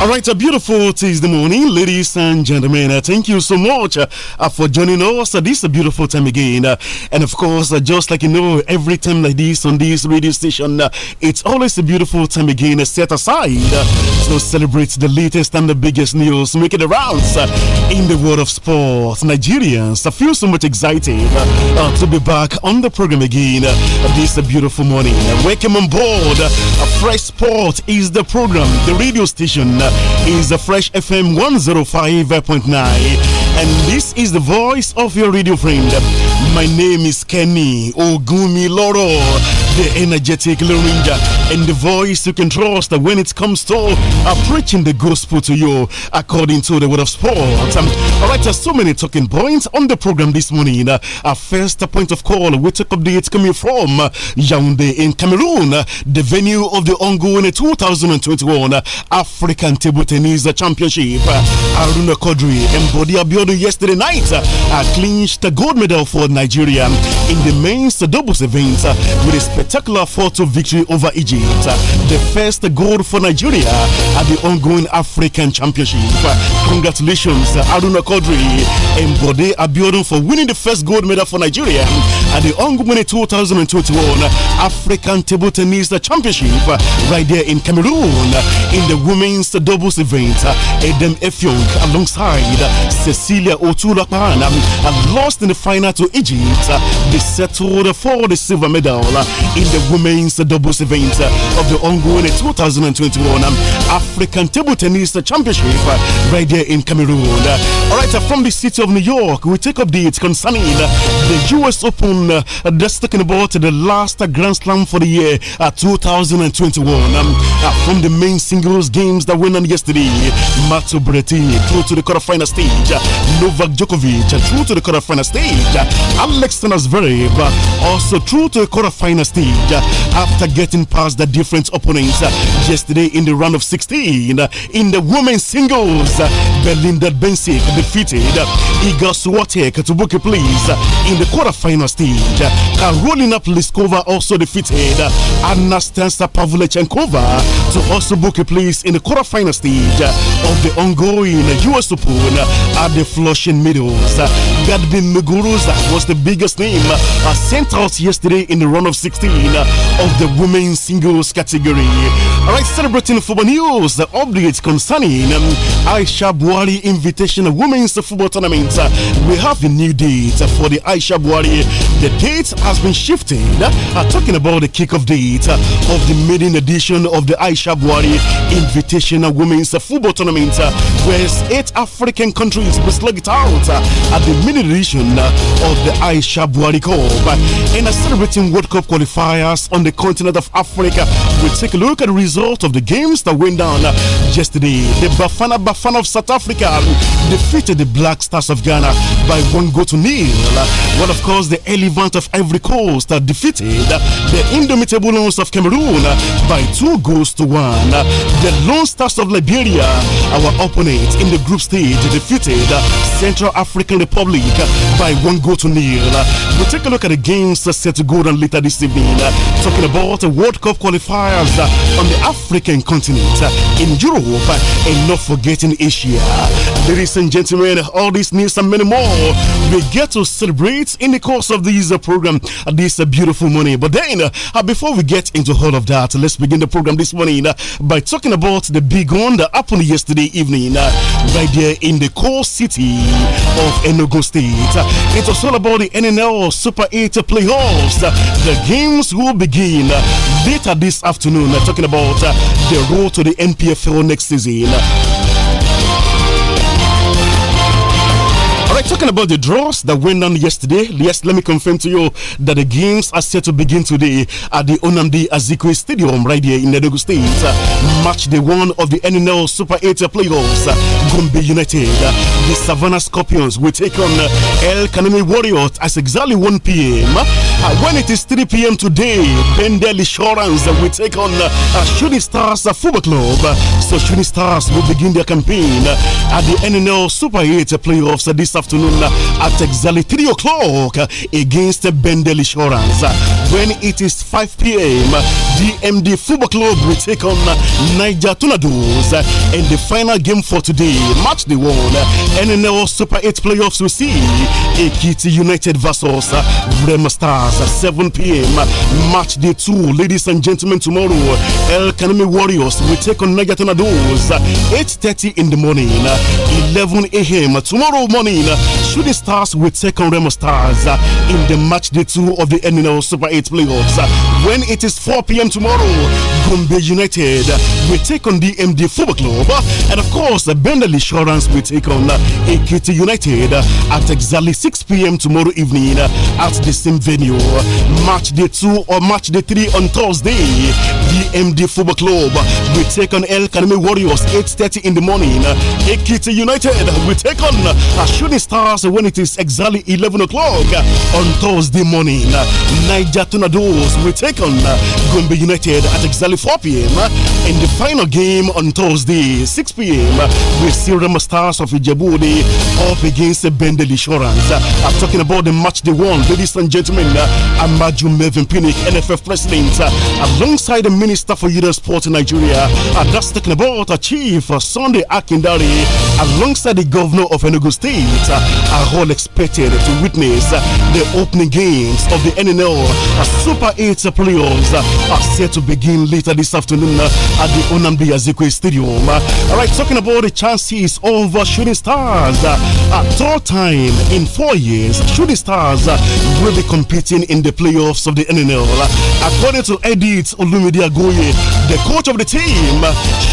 All right, a beautiful Tuesday morning, ladies and gentlemen. Uh, thank you so much uh, uh, for joining us. this is a beautiful time again. Uh, and of course, uh, just like you know, every time like this on this radio station, uh, it's always a beautiful time again set aside to celebrate the latest and the biggest news making the rounds in the world of sports. Nigerians, I feel so much excited to be back on the program again this beautiful morning. welcome on board. Fresh Sport is the program, the radio station is Fresh FM 105.9 and this is the voice of your radio friend. My name is Kenny Ogumiloro, the energetic Loringa, and the voice you can trust when it comes to uh, preaching the gospel to you according to the word of sport. Um, all right, uh, so many talking points on the program this morning. Uh, our first point of call, we take updates coming from uh, Yaoundé in Cameroon, uh, the venue of the ongoing 2021 African Table Tennis Championship. Uh, Aruna Kodri and Abio yesterday night uh, clinched the gold medal for Nigeria in the men's doubles event uh, with a spectacular 4-2 victory over Egypt. Uh, the first gold for Nigeria at the ongoing African Championship. Uh, congratulations, Aruna Kodri and Bode Abiodun for winning the first gold medal for Nigeria at the ongoing 2021 African Table Tennis Championship right there in Cameroon in the women's doubles event. Edem Efyong alongside Cecilia. Cecilia Otulapan um, lost in the final to Egypt. Uh, they settled for the silver medal uh, in the women's doubles event uh, of the ongoing 2021 um, African Table Tennis Championship right there in Cameroon. all right, from the city of New York, we take updates concerning the US Open. that's talking about the last Grand Slam for the year 2021. Um, from the main singles games that went on yesterday, Mato Berrettini through to the quarterfinal stage. Novak Djokovic through to the quarterfinal stage. Alex Zverev also through to the quarterfinal stage after getting past the different opponents yesterday in the round of 16 in the women's singles. Belinda Bensik defeated Igor Swatek to book a place in the quarterfinal stage. Karolina Pliskova also defeated Anastasia Pavlechenkova to also book a place in the quarterfinal stage of the ongoing US Open at the Flushing Meadows. Gadbin Muguruza was the biggest name uh, sent out yesterday in the round of 16 of the women's singles category. All right, celebrating football news, the updates concerning um, Aisha Buhari invitation women's football tournament we have a new date for the Aisha Buhari. The date has been I'm talking about the kickoff date of the maiden edition of the Aisha Buhari Invitational Women's Football Tournament, where eight African countries will slug it out at the maiden edition of the Aisha Buhari Cup. And a celebrating World Cup qualifiers on the continent of Africa. We we'll take a look at the result of the games that went down yesterday. The Bafana Bafana of South Africa defeated the Black Stars of Ghana by one goal to nil. Well, of course, the Elephant of every Coast defeated the Indomitable ones of Cameroon by two goals to one. The Lone Stars of Liberia, our opponent in the group stage, defeated Central African Republic by one goal to nil. We'll take a look at the games set to go on later this evening. Talking about the World Cup qualifiers on the African continent, in Europe, and not forgetting Asia. Ladies and gentlemen, all this news and many more we get to celebrate in the course of this uh, program uh, this uh, beautiful morning. But then, uh, uh before we get into all of that, let's begin the program this morning uh, by talking about the big one that happened yesterday evening uh, right there in the core city of Enugu State. it was all about the NNL Super 8 playoffs. the games will begin later this afternoon, talking about the road to the NPFL next season. Talking about the draws that went on yesterday, yes, let me confirm to you that the games are set to begin today at the Onamdi Azikwe Stadium right here in Edogu State. match day one of the NNL Super 8 playoffs. Uh, Gombe United, the Savannah Scorpions will take on El Kanemi Warriors at exactly 1 p.m. when it is 3 p.m. today, Bendel Insurance will take on uh, Shooting Stars Football Club. So Shooting Stars will begin their campaign at the NNL Super 8 playoffs this afternoon afternoon at exactly 3 o'clock against Bendel Insurance. When it is 5 p.m., DMD Football Club will take on Niger Tunados in the final game for today. Match the one. NNL Super 8 playoffs will see Ekiti United versus Rem Stars 7 p.m. Match day 2. Ladies and gentlemen, tomorrow El Kanemi Warriors will take on Niger Tunados 8.30 in the morning, 11 a.m. tomorrow morning. Shooting Stars will take on Remo Stars uh, in the match day two of the NNL Super 8 playoffs. Uh, when it is 4 p.m. tomorrow, Gombe United uh, will take on the MD Football Club. Uh, and of course, uh, Bendel Insurance will take on AKT United at exactly 6 p.m. tomorrow evening at the same venue. Match day two or match day three on Thursday, the MD Football Club will take on El Kaneme Warriors 8.30 in the morning. AKT United will take on uh, Shooting Stars stars when it is exactly 11 o'clock on Thursday morning. Niger Tornadoes will take on Gombe United at exactly 4 p.m. In the final game on Thursday, 6 p.m., we see the Stars of Ijebode up against Bendel Insurance. I'm talking about the match they won, ladies and gentlemen. Amaju Mervin Pinnick, NFF president, alongside the Minister for Youth Sport in Nigeria. And that's talking about Chief Sunday Akindari, alongside the Governor of Enugu State are all expected to witness the opening games of the NNL Super 8 playoffs are set to begin later this afternoon at the Onambi Azikwe Stadium. All right, talking about the chances of Shooting Stars at third time in four years, Shooting Stars will be competing in the playoffs of the NNL. According to Edith Olumide Agoye, the coach of the team,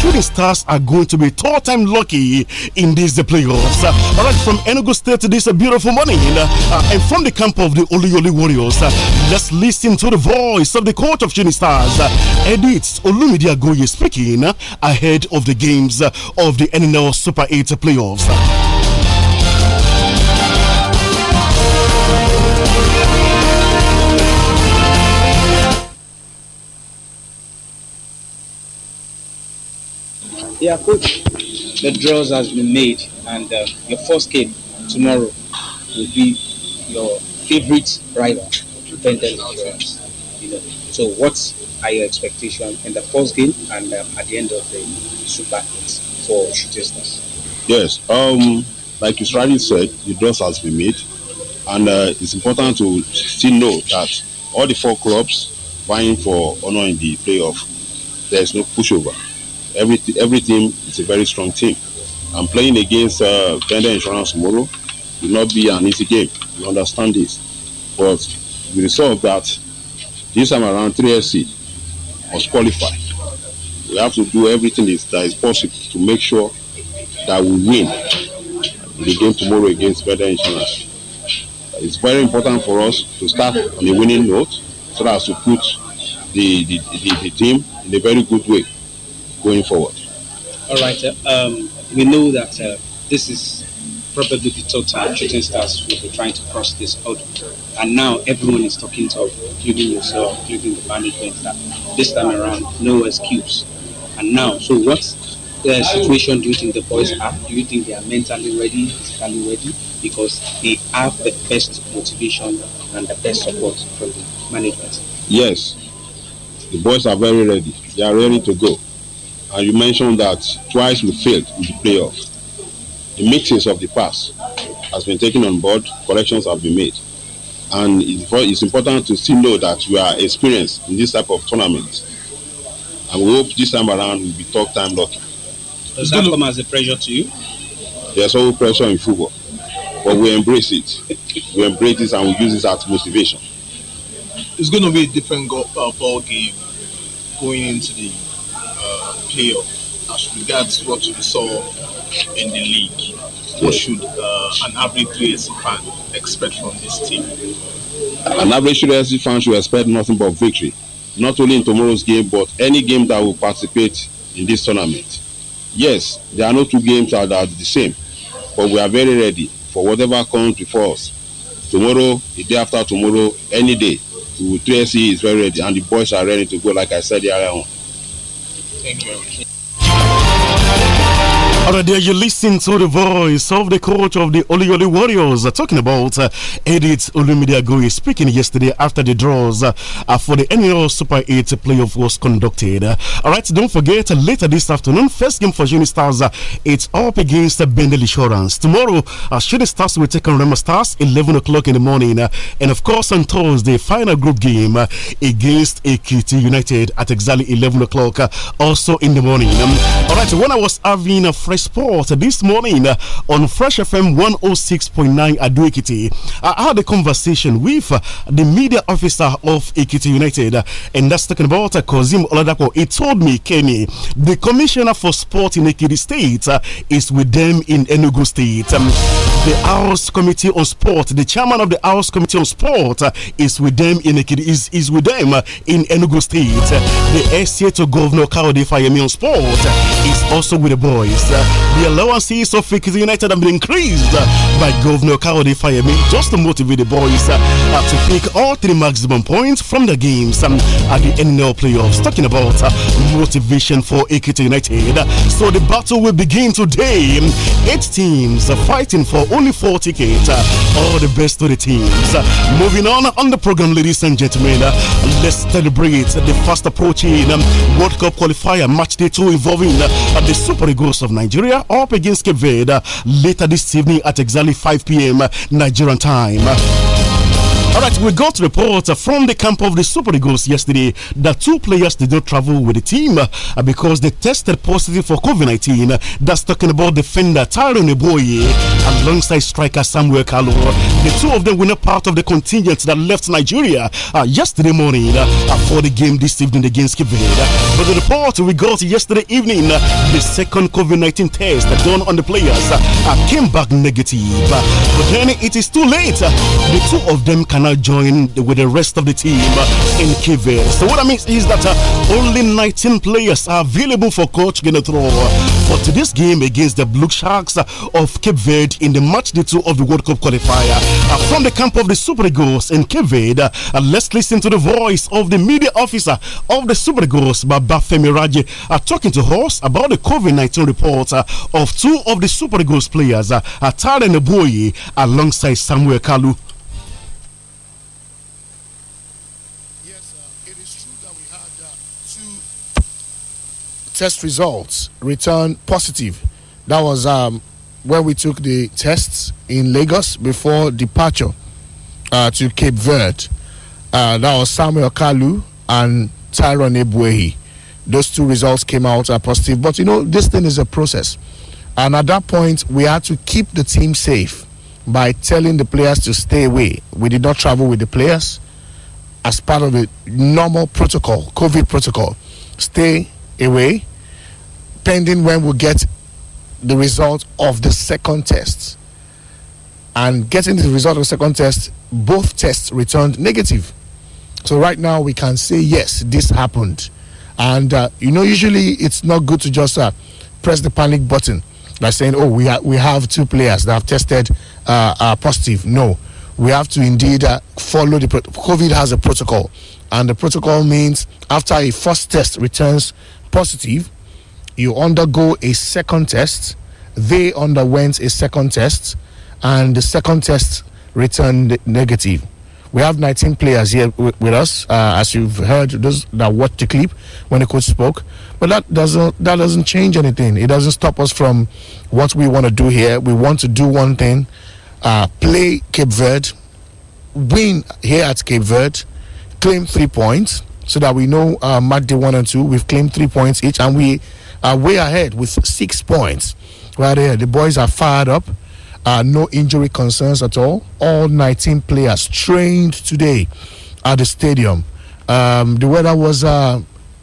Shooting Stars are going to be third time lucky in these playoffs. All right, from Enugu State this a beautiful morning uh, uh, and from the camp of the Oluyole Warriors. Uh, let's listen to the voice of the coach of Shooting Stars, uh, Edith Olumide Agoye speaking uh, ahead of the games of the NNL Super 8 playoffs. Yeah, coach. The draws has been made, and uh, your first game tomorrow will be your favorite rival, depending you know. So what are your expectations in the first game and um, at the end of the Super Eight for Shooting Yes, um, like you rightly said, the draws has been made, and uh, it's important to still know that all the four clubs vying for honor in the playoff, there is no pushover. Every every team is a very strong team. I'm playing against uh, insurance tomorrow will not be an easy game. You understand this. But we resolved that this time around 3FC was qualified. We have to do everything that is possible to make sure that we win the game tomorrow against vendor insurance. It's very important for us to start on a winning note so as to put the, the, the, the team in a very good way going forward. All right. Um, we know that uh, this is probably the total shooting stars who be trying to cross this out. And now everyone is talking to, including yourself, including the management, that this time around, no excuse. And now, so what uh, situation do you think the boys are? Do you think they are mentally ready, physically ready? Because they have the best motivation and the best support from the management. Yes, the boys are very ready. They are ready to go. And you mentioned that twice we failed in the playoff. The mixes of the past has been taken on board, corrections have been made. And it's important to still know that we are experienced in this type of tournament. And we hope this time around will be top time lucky. Does that come as a pressure to you? There's always pressure in football, but we embrace it. We embrace this and we use this as motivation. It's going to be a different goal, uh, ball game going into the uh, playoff as regards what we saw in the league? What should uh, an average USC fan expect from this team? An average USC fan should expect nothing but victory, not only in tomorrow's game, but any game that will participate in this tournament. Yes, there are no two games that are the same, but we are very ready for whatever comes before us. Tomorrow, the day after tomorrow, any day, 3SC is very ready, and the boys are ready to go, like I said earlier on. Thank you. All right, there you listen to the voice of the coach of the Oli Warriors uh, talking about uh, Edith Olumide Agui speaking yesterday after the draws uh, uh for the NRL Super 8 playoff was conducted. Uh, all right, don't forget uh, later this afternoon, first game for Juni Stars, it's up against uh, Bendel Insurance. Tomorrow, uh, Stars will take on Rema Stars 11 o'clock in the morning, and of course on Thursday, final group game against AKT United at exactly 11 o'clock, also in the morning. Um, all right, when I was having a fresh Sport this morning on Fresh FM 106.9 at Adu I had a conversation with uh, the media officer of Ekiti United, and that's talking about uh, Kozim Oladapo. He told me, Kenny, the commissioner for sport in Ekiti State uh, is with them in Enugu State. Um, the House Committee on Sport, the chairman of the House Committee on Sport is with them in Ekiti, is, is with them in Enugu State. The SCA to Governor Kaode Fayemi on Sport is also with the boys. The allowances of Fikis United have been increased by Governor Kaode Fayemi just to motivate the boys uh, uh, to pick all three maximum points from the games um, at the NNL playoffs. Talking about uh, motivation for Ekiti United. So the battle will begin today. Eight teams are fighting for only four tickets. All the best to the teams. Moving on on the program, ladies and gentlemen, let's celebrate the fast approaching um, World Cup qualifier match day two involving the Super Eagles of Nigeria. Nigeria up against Cape Verde later this evening at exactly 5 p.m. Nigerian time. All right, we got reports from the camp of the Super Eagles yesterday that two players did not travel with the team uh, because they tested positive for COVID 19. That's talking about defender Tyron Eboye alongside striker Samuel Kalu. The two of them were not part of the contingent that left Nigeria uh, yesterday morning uh, for the game this evening against Kivir. But the report we got yesterday evening, the second COVID 19 test done on the players came back negative. But then it is too late. The two of them cannot Joined join with the rest of the team in Kivir. So what I mean is that uh, only 19 players are available for Coach Genetro for today's game against the Blue Sharks of Cape Verde in the match day two of the World Cup qualifier. Uh, from the camp of the Super Eagles in Cape Verde, uh, let's listen to the voice of the media officer of the Super Eagles, Babafemi Raji, uh, talking to us about the COVID-19 report uh, of two of the Super Eagles players, uh, Taren Eboye, alongside Samuel Kalu. test results returned positive. That was um, we took the tests in Lagos before departure uh, to Cape Verde. Uh, that was Samuel Kalu and Tyrone Ebuehi. Those two results came out uh, positive. But you know, this thing is a process. And at that point, we had to keep the team safe by telling the players to stay away. We did not travel with the players as part of the normal protocol, COVID protocol. Stay away pending when we get the result of the second test. And getting the result of the second test, both tests returned negative. So right now we can say yes, this happened. And uh, you know, usually it's not good to just uh, press the panic button by saying, "Oh, we ha- we have two players that have tested uh, uh positive." No, we have to indeed uh, follow the pro- COVID has a protocol, and the protocol means after a first test returns positive, you undergo a second test. They underwent a second test, and the second test returned negative. We have 19 players here with, with us, uh, as you've heard those that watched the clip when the coach spoke. But that doesn't that doesn't change anything. It doesn't stop us from what we want to do here. We want to do one thing: uh, play Cape Verde, win here at Cape Verde, claim three points so that we know uh, match day one and two. We've claimed three points each, and we uh, are way ahead with six points. Right here, the boys are fired up. Uh, no injury concerns at all. All 19 players trained today at the stadium. Um, the weather was uh,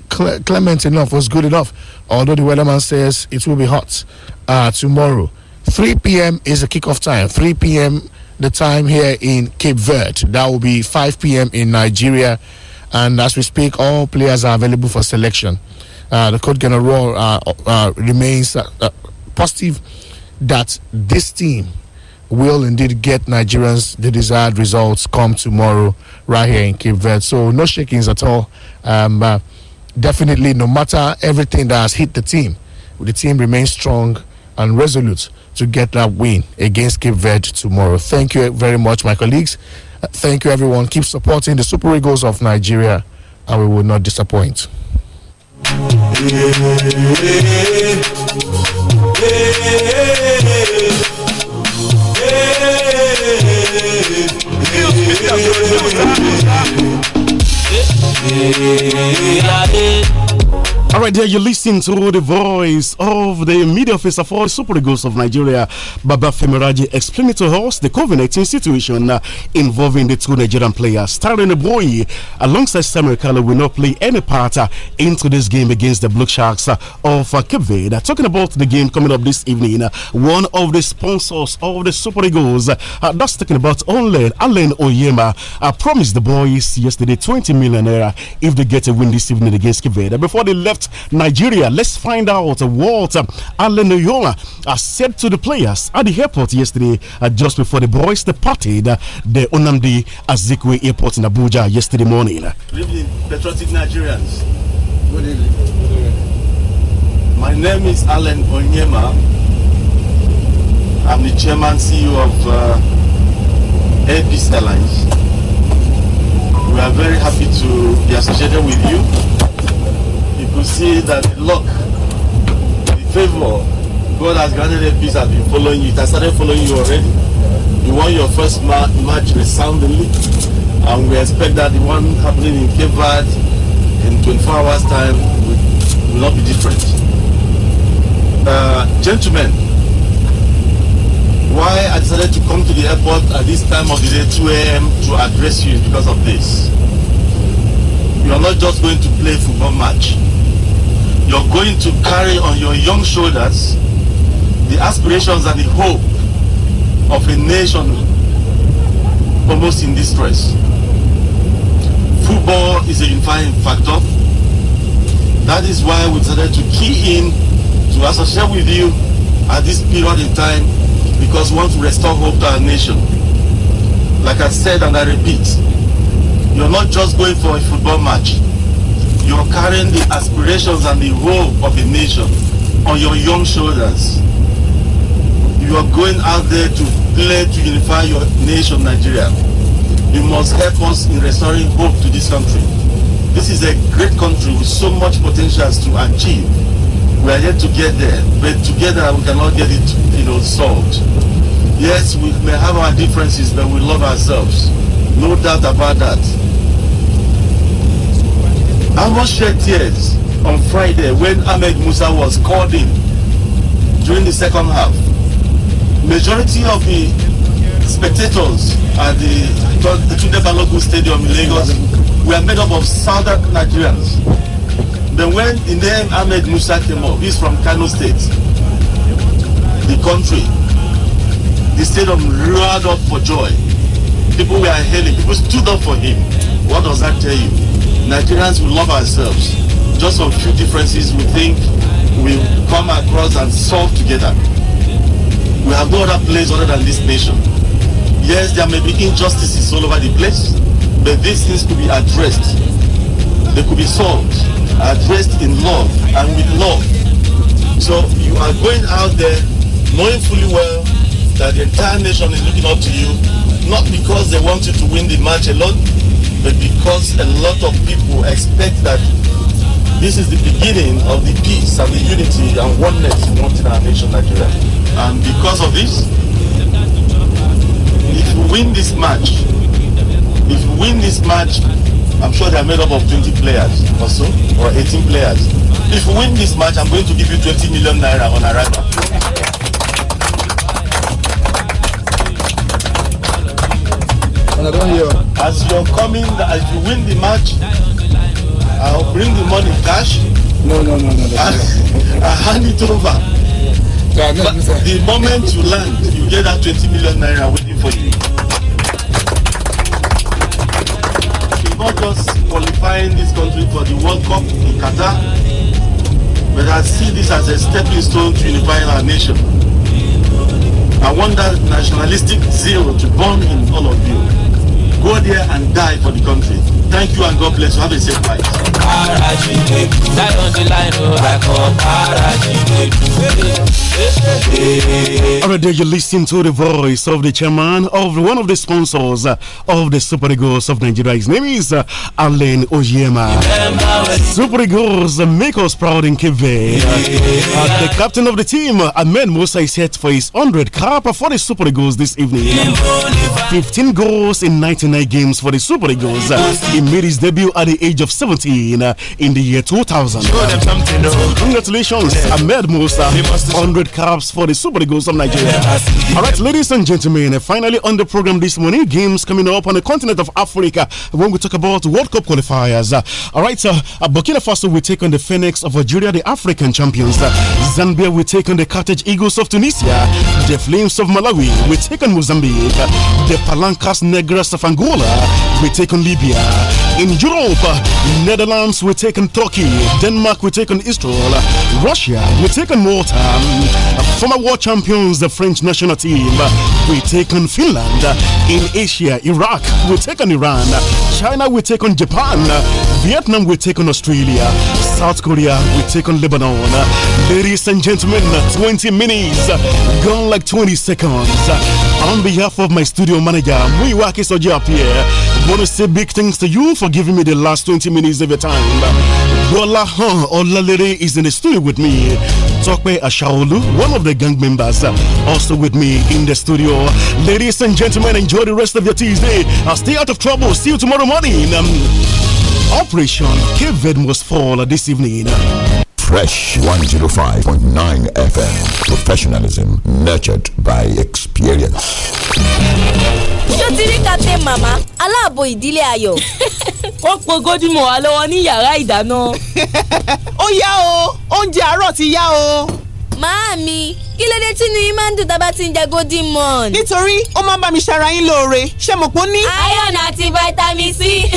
clement enough, was good enough, although the weatherman says it will be hot uh, tomorrow. 3 p.m. is the kickoff time. 3 p.m. the time here in Cape Verde. That will be 5 p.m. in Nigeria. And as we speak, all players are available for selection uh, the court General uh, uh, remains uh, positive that this team will indeed get Nigerians the desired results come tomorrow right here in Cape Verde. So no shakings at all. Um, uh, definitely, no matter everything that has hit the team, the team remains strong and resolute to get that win against Cape Verde tomorrow. Thank you very much, my colleagues. Uh, thank you, everyone. Keep supporting the Super Eagles of Nigeria, and we will not disappoint. Eeeeee Eeeeee Eeeeee Eeeeee Eeeeee Eeeeee All right, there you listen to the voice of the media officer for the Super Eagles of Nigeria, Baba Femiraji, explaining to us the COVID 19 situation uh, involving the two Nigerian players. Starting the boy alongside Samuel Kalu will not play any part uh, into this game against the Blue Sharks uh, of uh, Cape Verde. Talking about the game coming up this evening, uh, one of the sponsors of the Super Eagles, uh, that's talking about only Allen Oyema, uh, promised the boys yesterday 20 million naira if they get a win this evening against Cape Verde. Before they left Nigeria. Let's find out what Allen Alan Oyola said to the players at the airport yesterday, uh, just before the boys departed uh, the Onamdi Azikwe airport in Abuja yesterday morning. Good evening, patriotic Nigerians. Good evening. My name is Alan Onyema. I'm the chairman CEO of uh, Airpeace Airlines. We are very happy to be associated with you to see that the luck, the favor God has granted a peace has been following you. It has started following you already. You won your first ma- match resoundingly, and we expect that the one happening in Cape Verde in 24 hours' time will, will not be different. Uh, gentlemen, why I decided to come to the airport at this time of the day, 2 a.m., to address you because of this. You are not just going to play football match you're going to carry on your young shoulders the aspirations and the hope of a nation almost in distress. Football is a unifying factor. That is why we decided to key in to associate with you at this period in time because we want to restore hope to our nation. Like I said and I repeat, you're not just going for a football match. You're carrying the aspirations and the hope of a nation on your young shoulders. You are going out there to play to unify your nation, Nigeria. You must help us in restoring hope to this country. This is a great country with so much potentials to achieve. We are yet to get there, but together we cannot get it, you know, solved. Yes, we may have our differences, but we love ourselves. No doubt about that. I was shed tears on Friday when Ahmed Musa was called in during the second half. Majority of the spectators at the, the Tunde Stadium in Lagos were made up of Southern Nigerians. Then when the name Ahmed Musa came up, he's from Kano State, the country, the stadium roared up for joy. People were hailing, people stood up for him. What does that tell you? Nigerians will love ourselves. Just a few differences we think we come across and solve together. We have no other place other than this nation. Yes, there may be injustices all over the place, but these things could be addressed. They could be solved, addressed in love and with love. So you are going out there knowing fully well that the entire nation is looking up to you, not because they want you to win the match alone, but because a lot of people expect that this is the beginning of the peace and the unity and oneness we want in our nation, Nigeria. And because of this, if we win this match, if we win this match, I'm sure they are made up of 20 players or so, or 18 players. If we win this match, I'm going to give you 20 million naira on arrival. I don't hear. As you're coming, as you win the match, I'll bring the money cash. No, no, no, no. I, hand it over. Yeah, no, no, the moment you land, you get that 20 million naira waiting for you. It's not just qualifying this country for the World Cup in Qatar, but I see this as a stepping stone to unifying our nation. I want that nationalistic zeal to burn in all of you. go there and die for the country. Thank you and God bless you. Have a safe flight. Die on the line, oh, I Already you're listening to the voice of the chairman of one of the sponsors of the Super Eagles of Nigeria. His name is uh, Allen Oyema. Super Eagles make us proud in Kivay. Uh, the captain of the team, Ahmed Musa, is set for his 100 cap for the Super Eagles this evening. 15 goals in 99 games for the Super Eagles. He made his debut at the age of 17 uh, in the year 2000. Congratulations, Ahmed Musa, 100 caps for the Super Eagles of Nigeria. All right, ladies and gentlemen, finally on the program this morning, games coming up on the continent of Africa when we talk about World Cup qualifiers. all right, uh, uh Burkina Faso will take on the Phoenix of Algeria, the African champions. Uh, Zambia will take on the Carthage Eagles of Tunisia. The Flames of Malawi will take on Mozambique. The Palancas Negras of Angola will take on Libya. In Europe, Netherlands will take on Turkey, Denmark will take on Israel, Russia will take on Malta, former world champions, the French national team will take on Finland, in Asia, Iraq will take on Iran, China will take on Japan, Vietnam will take on Australia, South Korea will take on Lebanon. Ladies and gentlemen, 20 minutes gone like 20 seconds. On behalf of my studio manager, Muiwaki I want to say big thanks to you for for giving me the last 20 minutes of your time. Bola Han Olalere is in the studio with me. Tokwe Ashaolu, one of the gang members, uh, also with me in the studio. Ladies and gentlemen, enjoy the rest of your Tuesday. I'll stay out of trouble. See you tomorrow morning. Um, Operation Kevin was fall this evening. Fresh 105.9 FM. Professionalism nurtured by experience. ṣó ti rí captain mama aláàbò ìdílé ayọ̀. kó po gódìmọ̀ wá lọ́wọ́ ní yàrá ìdáná. ó yá o oúnjẹ àárọ̀ ti yá o. Màámi, kí ló dé tínú yín máa ń dùn tábà tí ń jẹ golden morn. Nítorí ó máa ń bá mi ṣara yín lóore, ṣé mo pọ́n ní. Iron àti vitamin C.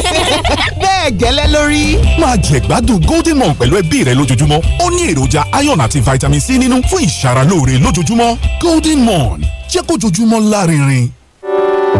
Bẹ́ẹ̀ gẹ́lẹ́ lórí. Máa jẹ̀gbádùn golden morn pẹ̀lú ẹbí rẹ lójoojúmọ́. Ó ní èròjà iron àti vitamin C nínú fún ìṣara lóore lójoojúmọ́. Golden morn jẹ́ kójoojúmọ́ lárinrin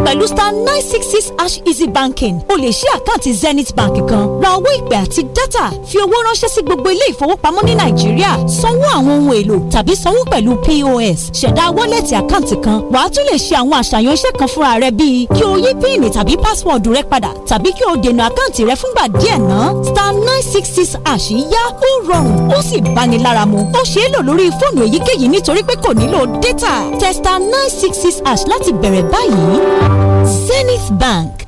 pẹ̀lú star nine six six hash easy banking o lè ṣí àkáǹtì zenith bank kan ra owó ìpè àti dátà fi owó ránṣẹ́ sí gbogbo ilé ìfowópamọ́ ní nàìjíríà sanwó àwọn ohun èlò tàbí sanwó pẹ̀lú pos ṣẹ̀dá wọ́lẹ̀tì àkáǹtì kan wàá tún lè ṣe àwọn àṣàyàn iṣẹ́ kan fúnra rẹ bíi kí o yí píìnì tàbí pásíwọ̀dù rẹ padà tàbí kí o dènà àkáǹtì rẹ fúngbà díẹ̀ ná star nine six six hash yá ó rọrùn ó sì bani lára mu ó ṣeé lò lórí fóònù èyíkéyìí nítorí pé kò nílò dátà tẹ star nine six six hash láti bẹ̀rẹ̀ báyìí. Zenith Bank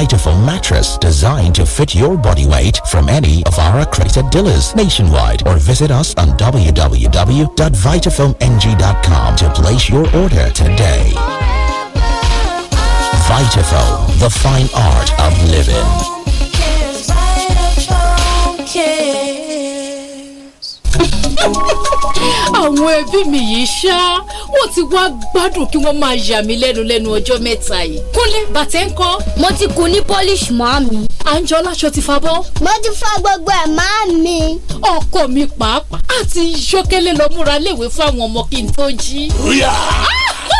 Vitafoam mattress designed to fit your body weight from any of our accredited dealers nationwide or visit us on www.vitafoamng.com to place your order today. Vitafoam, the fine art of living. àwọn ẹbí mi yìí ṣá wọ́n ti wá gbádùn kí wọ́n máa yà mí lẹ́nu lẹ́nu ọjọ́ mẹ́ta yìí. kúnlẹ̀ bàtẹ́ ń kọ́. mo ti kun ní polish màámi. àǹjọ́lá aṣọ ti fa bọ́. mo ti fa gbogbo ẹ̀ màámi. ọkọ mi pàápàá àti yọkẹ́lẹ́ lọ múra léwe fún àwọn ọmọ kí n tó jí. ó yá. Ah!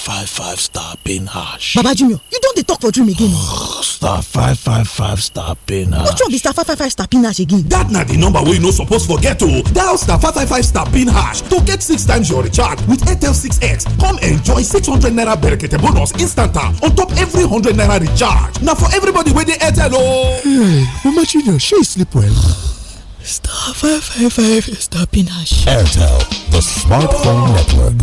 five five star pin hash. baba jr you don dey talk for dream again star five five five star pin hash. What's wrong? with star five five five star pin hash again. That na the number we you no to forget o dial star five five five star pin hash to get six times your recharge with airtel 6x come enjoy six hundred naira berekete bonus instant ah on top every hundred naira recharge Now for everybody wey dey airtel o. hey mama junior she you sleep well. star five five five star pin hash. airtel the smartphone network.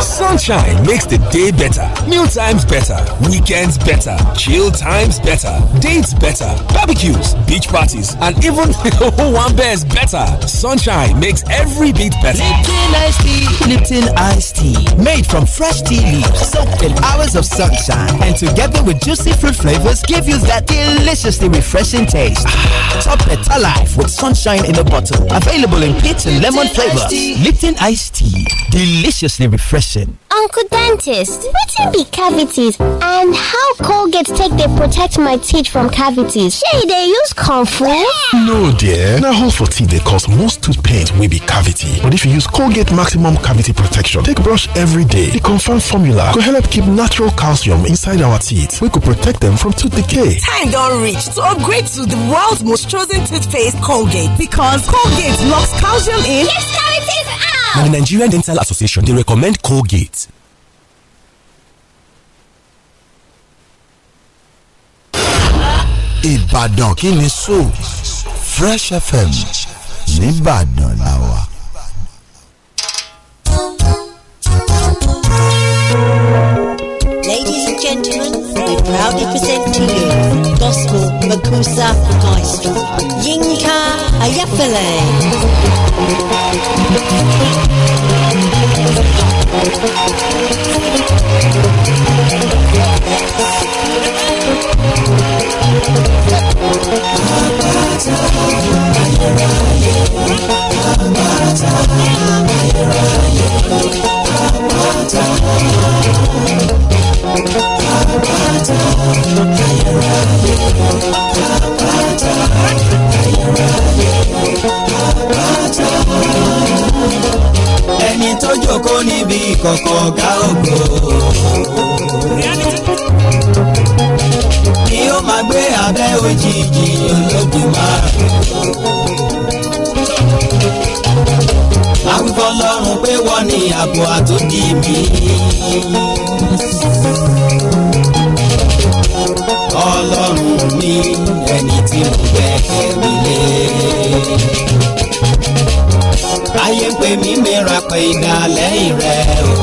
Sunshine makes the day better, meal times better, weekends better, chill times better, dates better, barbecues, beach parties, and even one bears better. Sunshine makes every bit better. Lipton iced tea, Lipton iced tea, made from fresh tea leaves, soaked in hours of sunshine, and together with juicy fruit flavors, give you that deliciously refreshing taste. Ah. Top it alive with sunshine in a bottle, available in peach and lemon flavors. Lipton iced tea, deliciously refreshing refreshing. Uncle Dentist, what be cavities and how Colgate take they protect my teeth from cavities? Say they use comfort? No dear, now whole for teeth they cause most tooth pain will be cavity. But if you use Colgate Maximum Cavity Protection, take brush every day. The confirmed formula could help keep natural calcium inside our teeth. We could protect them from tooth decay. Time don't reach to upgrade to the world's most chosen toothpaste, Colgate. Because Colgate locks calcium in. cavities out! Now, the Nigerian Dental Association, they recommend and Colgate. Ìbàdàn kí ni so Fresh FM nìbàdàn la wà. Ladies and gentlemen, we proudly present to you Gospel Makusa Maestro Yinka Ayafale you. ẹni tó jókòó níbi ìkọ̀kọ̀ ọ̀gá ògbó. ni ó máa gbé abẹ́ òjijì olódùmarè. àwùjọ lọ́rùn pé wọ́n ní ààbò àtúndì mi. èmi mìíràn pé idà lẹ́yìn rẹ̀ o.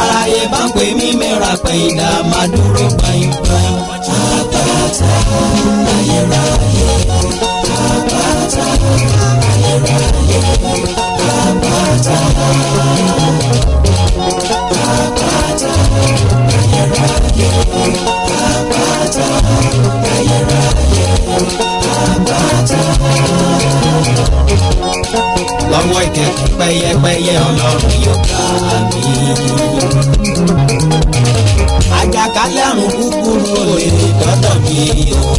aráyé bá pè mí mìíràn pé idà máa dúró pẹ́yìn pẹ́yìn. lọ́wọ́ ìkẹ̀kùn pẹ́yẹ́pẹ́yẹ́ ọlọ́run yóò ká mi. àjàkálẹ̀ àrùn kúkúrú ò lè dọ́dọ̀ mi o.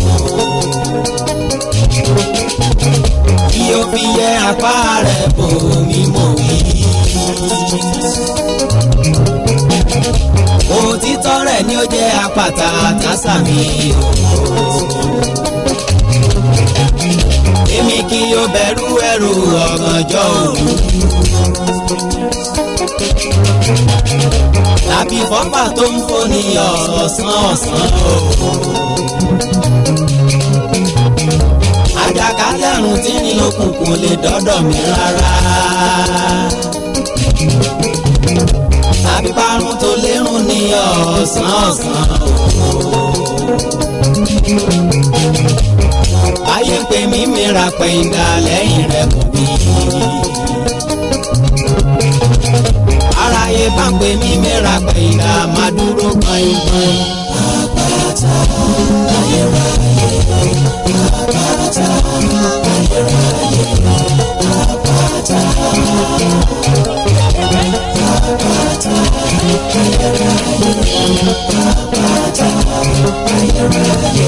bí o fi yẹ apá rẹ̀ bò mí mo wí. òtítọ́ rẹ̀ ni ó jẹ́ àpáta àtàsà mi o mi kí o bẹ̀rù ẹrù ọ̀gànjọ́ òun. tàbí fọ́pà tó ń foni ọ̀sán ọ̀sán o. àjàkálẹ̀ àrùn tí ní òkùnkùn lè dọ́dọ̀ mi rárá. tàbí parun tó lérùn ní ọ̀sán ọ̀sán o báyé pé mi mìíràn pẹ̀yìndà lẹ́yìn rẹ̀ kò wí. aráyé bá ń pè mí mìíràn pẹ̀yìndà máa dúró gbọ̀ngbọ̀n. àpáta ayérayé àpáta ayérayé àpáta àpáta ayérayé àpáta ayérayé.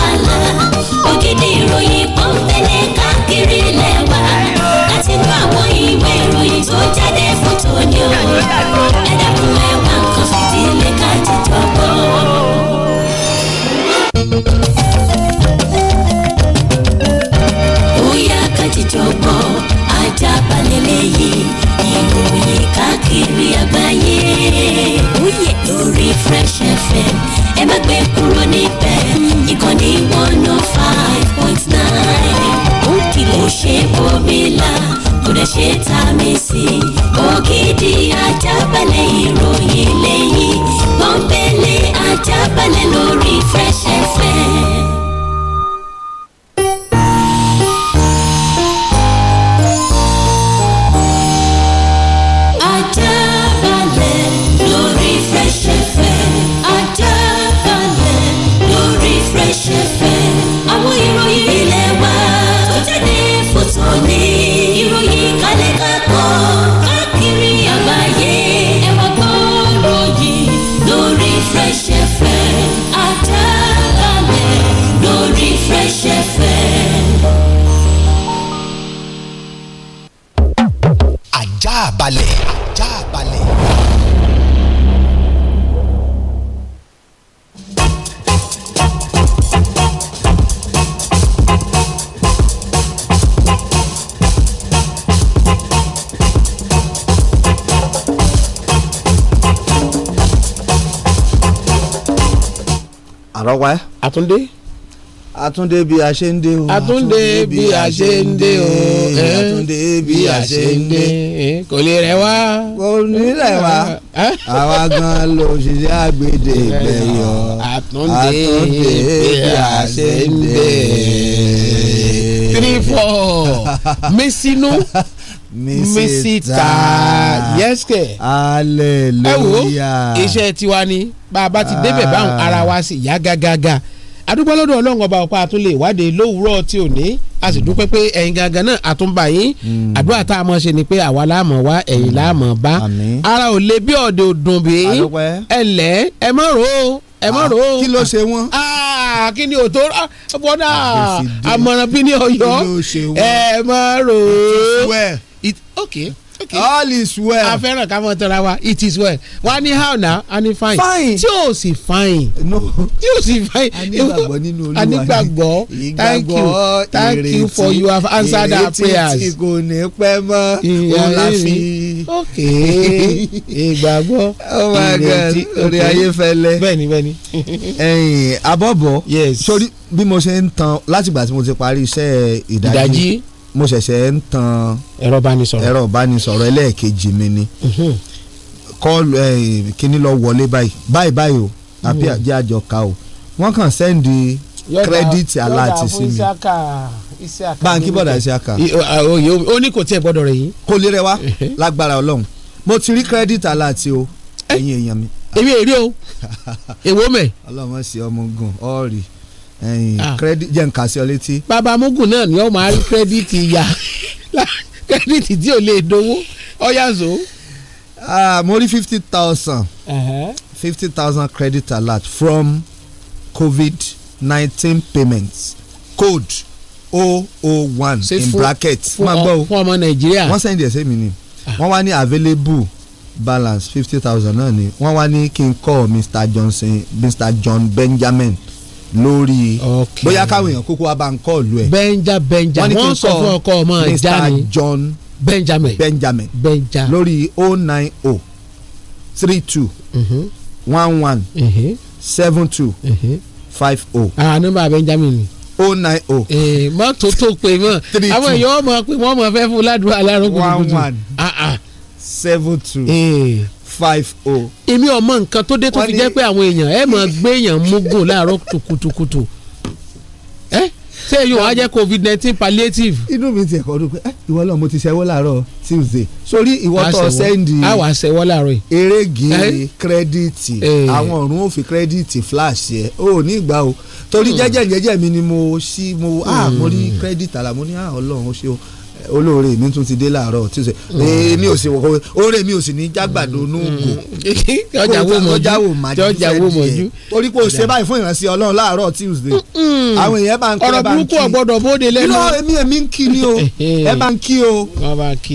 káàkiri lẹ́wà láti inú àwọn ìwé ìròyìn tó jáde. àtúndé. àtúndé bí a ṣe ń dé o. àtúndé bí a ṣe ń dé o. àtúndé bí a ṣe ń dé. kò lè rẹ̀ wá. kò ní rẹ̀ wá. àwa gan ló ṣiṣẹ́ àgbèdè ìgbẹ̀yọ̀. àtúndé bí a ṣe ń dé. three four mesinu mísítà yẹ́sìkẹ̀. aleluya. ẹ wo iṣẹ́ tiwa ni bá a bá ti débẹ̀ báwọn ara wa sì yá gágágá adúpẹ́ lọ́dọ̀ ọlọ́run ọba ọ̀pá àtúnlé ìwádìí lówùúrọ̀ tí ò ní a sì dúpẹ́ pé ẹ̀yin gangan náà àtúnbà yín hmm. àdúrà tá a mọ̀ ṣe ni pé àwa láàmọ̀ wá ẹ̀yin láàmọ̀ hmm. bá ara ò lè bí ọ̀dẹ̀ ò dùn bí ẹ lẹ̀ ẹ mọ̀ rò ó ẹ mọ̀ ah, rò ó kí ló ṣe wọ́n. Ah, kí ni òtó ah, bọ́dà àmọ̀ràn bí ní ọ̀yọ́ ẹ mọ̀ rò ó. ok all is well. a fẹ́ràn ká mọ̀ tọ́ra wa it is well. wà á ní how now a ní fine. fine tí o sì fine. no tí o sì fine. a nígbàgbọ́ nínú olúwa ni ìgbàgbọ́ thank you thank you for you have answered our prayers. ìrètí tí kò ní pẹ́ mọ́ òun la fi. ok ìgbàgbọ́ ìrètí oh orí ayé fẹ́lẹ́. bẹ́ẹ̀ni bẹ́ẹ̀ni. ẹyin abọ́bọ̀ sórí bí mo ṣe ń tan látìgbà tí mo ti parí iṣẹ́ ìdájí mo ṣẹ̀ṣẹ̀ ń tan ẹ̀rọ ìbánisọ̀rọ̀ ẹ̀rọ ìbánisọ̀rọ̀ ẹlẹ́ẹ̀kejì mi ni mhm. kọ́ọ̀lù kíní lọ wọlé báyìí báyìí báyìí o àbí mhm. àjẹ́ àjọ ká o wọ́n kàn sẹ́ndì kírẹ́dìtì aláàtì sí mi báńkì bọ̀dà Isiaka. ó ní kò tiẹ̀ gbọ́dọ̀ rẹ̀ yìí. kò lè rẹ wá mhm. lágbára ọlọ́run mo ti rí kírẹ́dìtì aláàtì o eh, ẹ̀yin èèyàn mi. èmi èrè o èwo mẹ́. ọlọ́run ṣe ọmọ gùn ọ́ọ̀rì. Ah. jẹ́ nǹkan sí ọ létí. bàbá mugu náà ni ó máa rí kírẹ́díìtì ya kírẹ́díìtì tí ò lè dowó ọ̀yà zò. Ah, mo rí fifty thousand fifty thousand credit alert from covid nineteen payments code o o one in bracket máa gbọ́ o fún ọmọ nàìjíríà wọ́n sẹ́yìn díẹ̀ sẹ́mi ni wọ́n wá ní available balance fifty thousand náà ni wọ́n wá ní kí n call mr johnson mr john benjamin lórí bóyá káwọn èèyàn kókó wa bá ń kọ́ ìlú ẹ̀. benja benja wọ́n sọ fún ọkọ ọmọ ìjà ni mr john benjamin benjamin benja lórí o oh nine o oh, three two mhm. one one mhm. seven two mhm. five o. Oh. àà nọ́mbà benjamin ni o nine o. ee eh, mọ tó tó pé mọ àwọn èèyàn ọmọ pé wọn mọ fẹ́ fún ládùúgbò alárò kùtùkùtù. one one ah, ah. seven two. Eh five o. Oh. èmi ọmọ nǹkan tó dé tó fi jẹ́ pé àwọn èèyàn ẹ máa gbé èèyàn láàárọ̀ kùtùkùtù ẹ ṣé èyí wàá jẹ́ covid nineteen palliative. inú mi ti ẹ̀kọ́ ọdún ìwọ náà mo ti ṣẹ́wọ́ láàárọ̀ tuesday sórí ìwọ tó sẹ́ndì erége kírẹ́díìtì àwọn ọ̀run ò fi kírẹ́díìtì flash yẹ o ò ní ìgbà o torí hmm. jẹ́jẹ́ jẹ́jẹ́ mi ni mo ṣí mo ah mo hmm. rí kírẹ́díìtì àlà ah ọlọ́run ó ṣe o olóore mi tún ti dé láàárọ̀ tí o sẹ mm. èmi ò sì wọ oore mi ò sì ní jágbàdo mm. nùgò ọjà wo mọ̀jú ọjà wo mọ̀jú ọjà wo mọ̀jú orí kò ṣe báyìí fún ìrànṣẹ́ Ọlọ́run láàárọ̀ Tuesday mm. àwọn èèyàn bá ń kí ọ̀rọ̀ burúkú ọ̀gbọ́dọ̀ bóde lẹ́nu irọ́ èmi èmi ń kí ni o ẹ bá ń kí o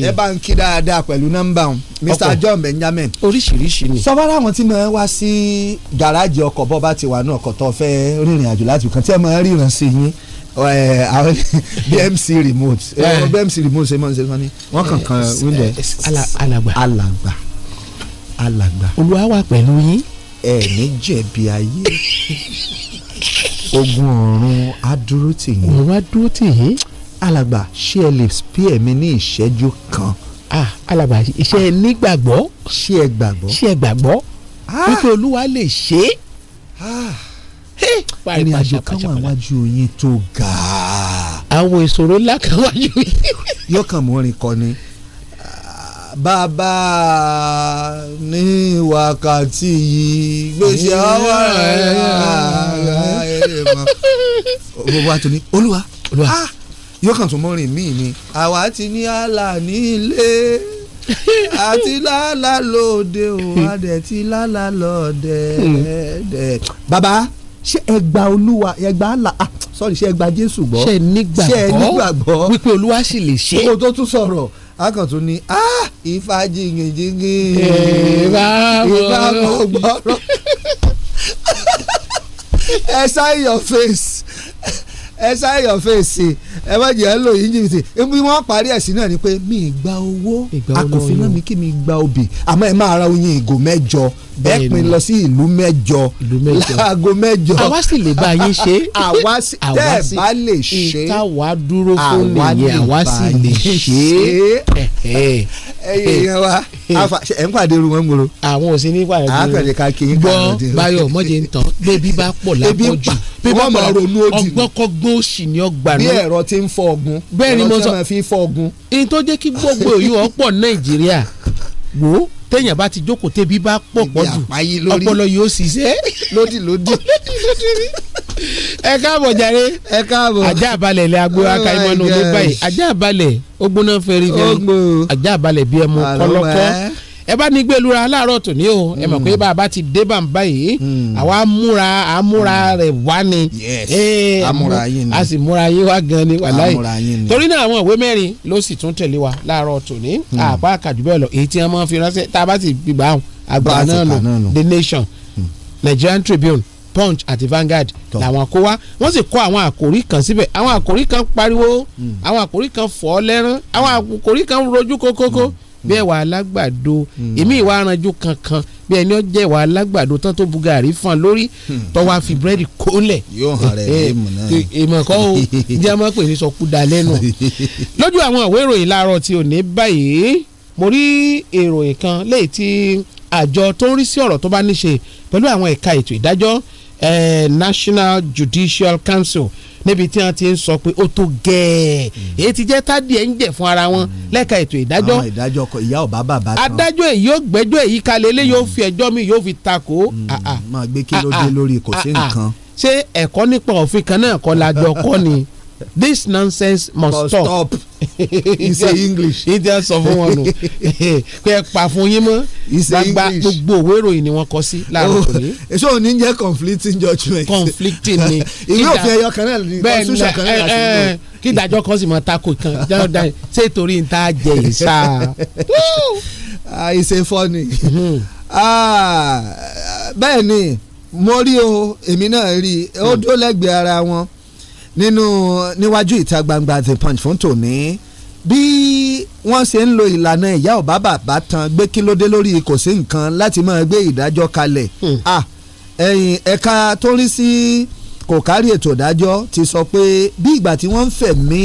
ẹ bá ń kí dáadáa pẹ̀lú nọ́mbà wọn Mr John Benjamin oríṣiríṣi ni. sọ fara àwọn tí mo wá sí gàràjì ọkọ̀ bọ́ bá ti wà ní ọkọ̀ tó fẹ́ rìnrìn àjò láti kàn tí ẹ máa ríran yín Eh, àwọn bmc remote eh, eh. bmc remote ṣe mọ̀ ṣe fún mi wọ́n kàn kan window. alàgbà alàgbà alàgbà. olúwa wà pẹ̀lú yín. ẹ ní jẹ̀bi ayé ogun ọ̀run á dúró tì yín. òun á dúró tì yín. alàgbà ṣé ẹ lè spare mi ní ìṣẹ́jú kan. ah alàgbà ṣé ẹ nígbàgbọ́. ṣé ẹ gbàgbọ́. ṣé ẹ gbàgbọ́. Ah! wípé olúwa lè ṣe é. ah ìrìn àjò kan wà wájú yín tó ga. àwọn ìṣòro ńlá kan wájú yín. yọkàn mú orin kọ ni bàbá ní wákàtí yìí gbèsè ọwọ́ rẹ̀ wá tó ní olúwa olúwa ah, yọkàn tó mọ́rin míì ni àwa ti ní àlà ní ilé àti lálá lóde o adẹ̀ ti lálá lọ́dẹ̀. bàbá ṣé ẹ gba olúwa ẹ gba àlà ah sorry ṣé ẹ gba jésù gbọ́ ṣé ẹ nígbàgbọ́ wípé olúwa sì lè ṣe. kó o tó tún sọ̀rọ̀ akọ̀tún ni ah ìfàjì yìnyíngí ìbámu gbọ́rọ̀ ẹ sign your face ẹ sign your face ẹ má jẹ́ ẹ lò yín jìbìtì ibi wọ́n parí ẹ̀sìn náà ni pé mi ì gba owó akòfin náà mi kí mi gba obì àmọ́ ẹ máa ra oyin ìgò mẹ́jọ ẹ pín lọ sí ìlú mẹ́jọ láago mẹ́jọ. àwa sì lè bá yín ṣe. àwa sì tẹ́ ẹ̀ bá lè ṣe. ìtawà dúró fún nìyẹn àwa sì lè ṣe. ẹyẹ yẹn wa ẹ ń pàdé irun wọn gbòòrò. àwọn ò sí ní pàdé irun. àpẹẹrẹ ká kí n kàn dé. gbọ́ báyọ̀ mọ̀jẹ̀ ń tán bébí bá pọ̀ lápọ̀ jù bébí bá pọ̀ ronú òdì nù ọgbọ́kọ́gbọ́ òsì ni ọgbà náà. bí ẹ̀rọ ti ń fọ ogun. bẹ́ẹ̀ ni mo sọ ẹ̀rọ ti máa fi fọ ogun. èyí tó jẹ́ kí gbogbo òyìnbó pọ̀ Nàìjíríà wo téèyàn bá ti jókòó tẹ́bí bá pọ̀ pọ̀ jù ọpọlọ yóò ṣiṣẹ́. lódì lódì. ẹ káàbọ̀ jàre. ẹ káàbọ̀. ajá àbálẹ̀ ilẹ̀ agbo akáyimọ́nù oh olóbáyé ajá àbálẹ̀ ó gbóná fẹ́rí fẹ́rí ajá àbálẹ̀ bí ẹmu kọ́lọ́kọ́ ẹ bá ní gbé lura láàárọ̀ tòní o ẹ mọ̀ pé hmm. bá a bá ti dé bá ń báyìí hmm. àwa múra àmúra hmm. rẹ̀ wá ni àmúra yín ni a sì múra yín wá gan ni wàláyé torí náà àwọn ìwé mẹ́rin ló sì tún tẹ̀lé wa láàárọ̀ tòní àpá àkàdúbẹ̀ lọ èyí tí wọ́n máa fi ránṣẹ́ tá a bá ti gbà àwọn àgbà náà lò The Nation Nigerian Tribune Punch àti Vanguard làwọn kó wá wọ́n sì kó àwọn àkòrí kan síbẹ̀ àwọn àkòrí kan pariwo àwọn àkòrí kan fọ́ lẹ́rán àwọn àkòrí kan rojú kókókó. Mm bí ẹ̀wà alágbàdo hmm. èmi ìwà aranjú kankan bí ẹni ó jẹ́ ìwà alágbàdo tán tó bu gàrí fún lórí hmm. tó wá búrẹ́dì kólẹ̀ eh, èèmọ̀ eh, kọ́ o jẹ́ ọmọ pè ní sọkúdà lẹ́nu lójú àwọn ìwé ìròyìn láàárọ̀ tí ò ní báyìí mo rí ìròyìn kan léyìí tí àjọ tó ń rí sí ọ̀rọ̀ tó bá níṣe pẹ̀lú àwọn ẹ̀ka ètò ìdájọ́ eh, National Judicial Council níbi tí wọ́n ti ń sọ pé ó tó gẹ́ẹ́ mm. èyí ti jẹ́ tádìẹ̀ ń jẹ̀ fún ara wọn mm. lẹ́ka ètò ìdájọ́ àwọn ìdájọ́ ọkọ ìyá ọba bàbá tán adájọ́ èyí yóò gbẹ́jọ́ èyí kalẹ̀ eléyìí yóò mm. fi ẹjọ́ mi yóò fi takò. Ah, ah. máa gbé kí ló ah, dé lórí kò sí nǹkan. ṣé ẹ̀kọ́ nípa òfin kan náà kọ́ la jọ kọ́ ni this nonsense must, must stop. stop. he say english. he tell sọ fún wọn nù pé ẹ pa fún yín mọ́ gbagba gbogbo òwe ìròyìn ni wọ́n kọ sí láàárọ̀ oh, òní. èso òní jẹ́ conflicting judgement. conflicting ni. ìwé òfin ẹyọ kan náà ni constitution kan náà láti mú. Eh, eh, kí ìdájọ́ kan sì mọ tako kan jẹ́rọ̀dá ṣé torí n ta jẹ yìí sá. Ah, ìṣe fọ́ni. Hmm. Ah, bẹ́ẹ̀ ni mo rí o èmi náà rí i ó hmm. dó lẹ́gbẹ̀ẹ́ ara wọn nínú níwájú ìta gbangba the punch fún tòní bí wọ́n ṣe ń lo ìlànà ìyá ọ̀bá bàbá tan gbé kílódé lórí kò sí nǹkan láti máa gbé ìdájọ́ kalẹ̀ hmm. ẹ̀yìn ẹ̀ka tó rí sí kò kárí ètò ìdájọ́ ti sọ pé bí ìgbà tí wọ́n ń fẹ̀mí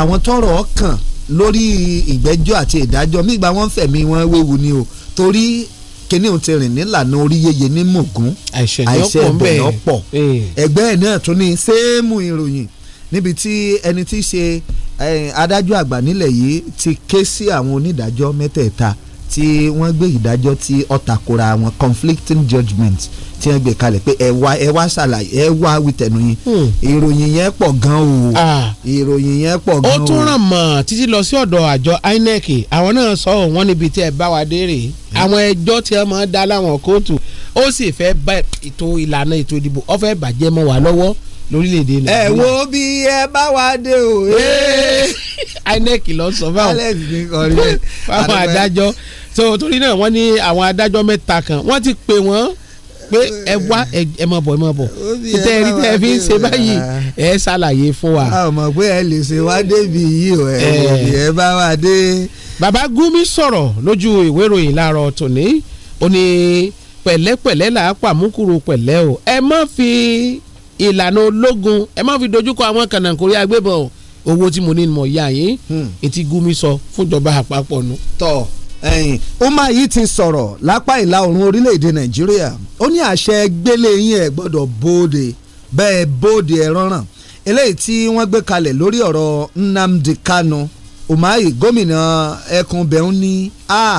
àwọn tọ́rọ̀ kàn lórí ìgbẹ́jọ́ àti ìdájọ́ bí ìgbà wọ́n ń fẹ̀mí wọn wéwu ni o torí kíní òun ti rìn nílànà orí yeye ní mògún àìṣe ẹ̀bẹ̀ lọ́pọ̀ ẹgbẹ́ ẹ̀ náà tún ní séèmù ìròyìn níbi tí ẹni tí í ṣe adájọ́ àgbà nílẹ̀ yìí ti ké sí àwọn onídàájọ́ mẹ́tẹ̀ẹ̀ta tí wọ́n gbé ìdájọ́ tí ọ̀tàkùrà àwọn conflicting judgments. tí wọ́n gbé kalẹ̀ pé ẹ wá ẹ wá ṣàlàyé ẹ wá wìtẹ̀nu yín hmm. ìròyìn yẹn pọ̀ gan o ìròyìn yẹn pọ̀ gan o. ó tún ràn mọ́ títí lọ sí ọ̀dọ̀ àjọ INEC àwọn náà sọ wọ́n níbi tí ẹ bá wa dé rèé àwọn ẹjọ́ tí wọ́n máa dá láwọn kóòtù ó sì fẹ́ bá ètò ìlànà ètò ìdìbò ó bàjẹ́ mọ́ wa lọ́wọ́ lórílẹ̀‐èdè nàìjíríà. ẹ wo bí ẹ bá wa dé o. Eh. inec lọ sọ fáwọn alex ní kọrin fáwọn adájọ́ so torí náà wọ́n ní àwọn adájọ́ mẹ́ta kan wọ́n ti pè wọ́n pé ẹ wá ẹ mọ̀ bọ̀ ẹ mọ̀ bọ̀ tẹ ẹ rí tẹ ẹ fi ń ṣe báyìí ẹ ṣàlàyé fún wa. a ò mọ̀ pé ẹ lè ṣe wá débi yìí o ẹ wò eh. bí ẹ bá wa dé. bàbá Gumi sọ̀rọ̀ lójú ìwé ìròyìn láàárọ̀ tòní ó ní pẹ̀lẹ́pẹ̀lẹ́ là á pàmùkúrò pẹ̀lẹ́ o ẹ má fi ìlànà ológun ẹ má fi dojúkọ àwọn kànáńkórí agbébọn o owó tí mo ní mọ̀ ya yín hmm. etí gumi sọ fúnjọba àpapọ̀ nu. tọ́ ẹ̀yìn umar yìí ti sọ̀rọ̀ lápá ìlà oòrùn orílẹ̀‐èdè nàìjíríà ó ní àṣẹ gbélé yín ẹ̀ gbọ́dọ̀ bóde bẹ́ẹ̀ bóde ẹ̀ rọ́ràn eléyìí tí wọ́n gbé kalẹ̀ lórí ọ̀rọ̀ nnamdi kanu umahi gómìnà ẹkùn bẹ̀rún ní a. Ah,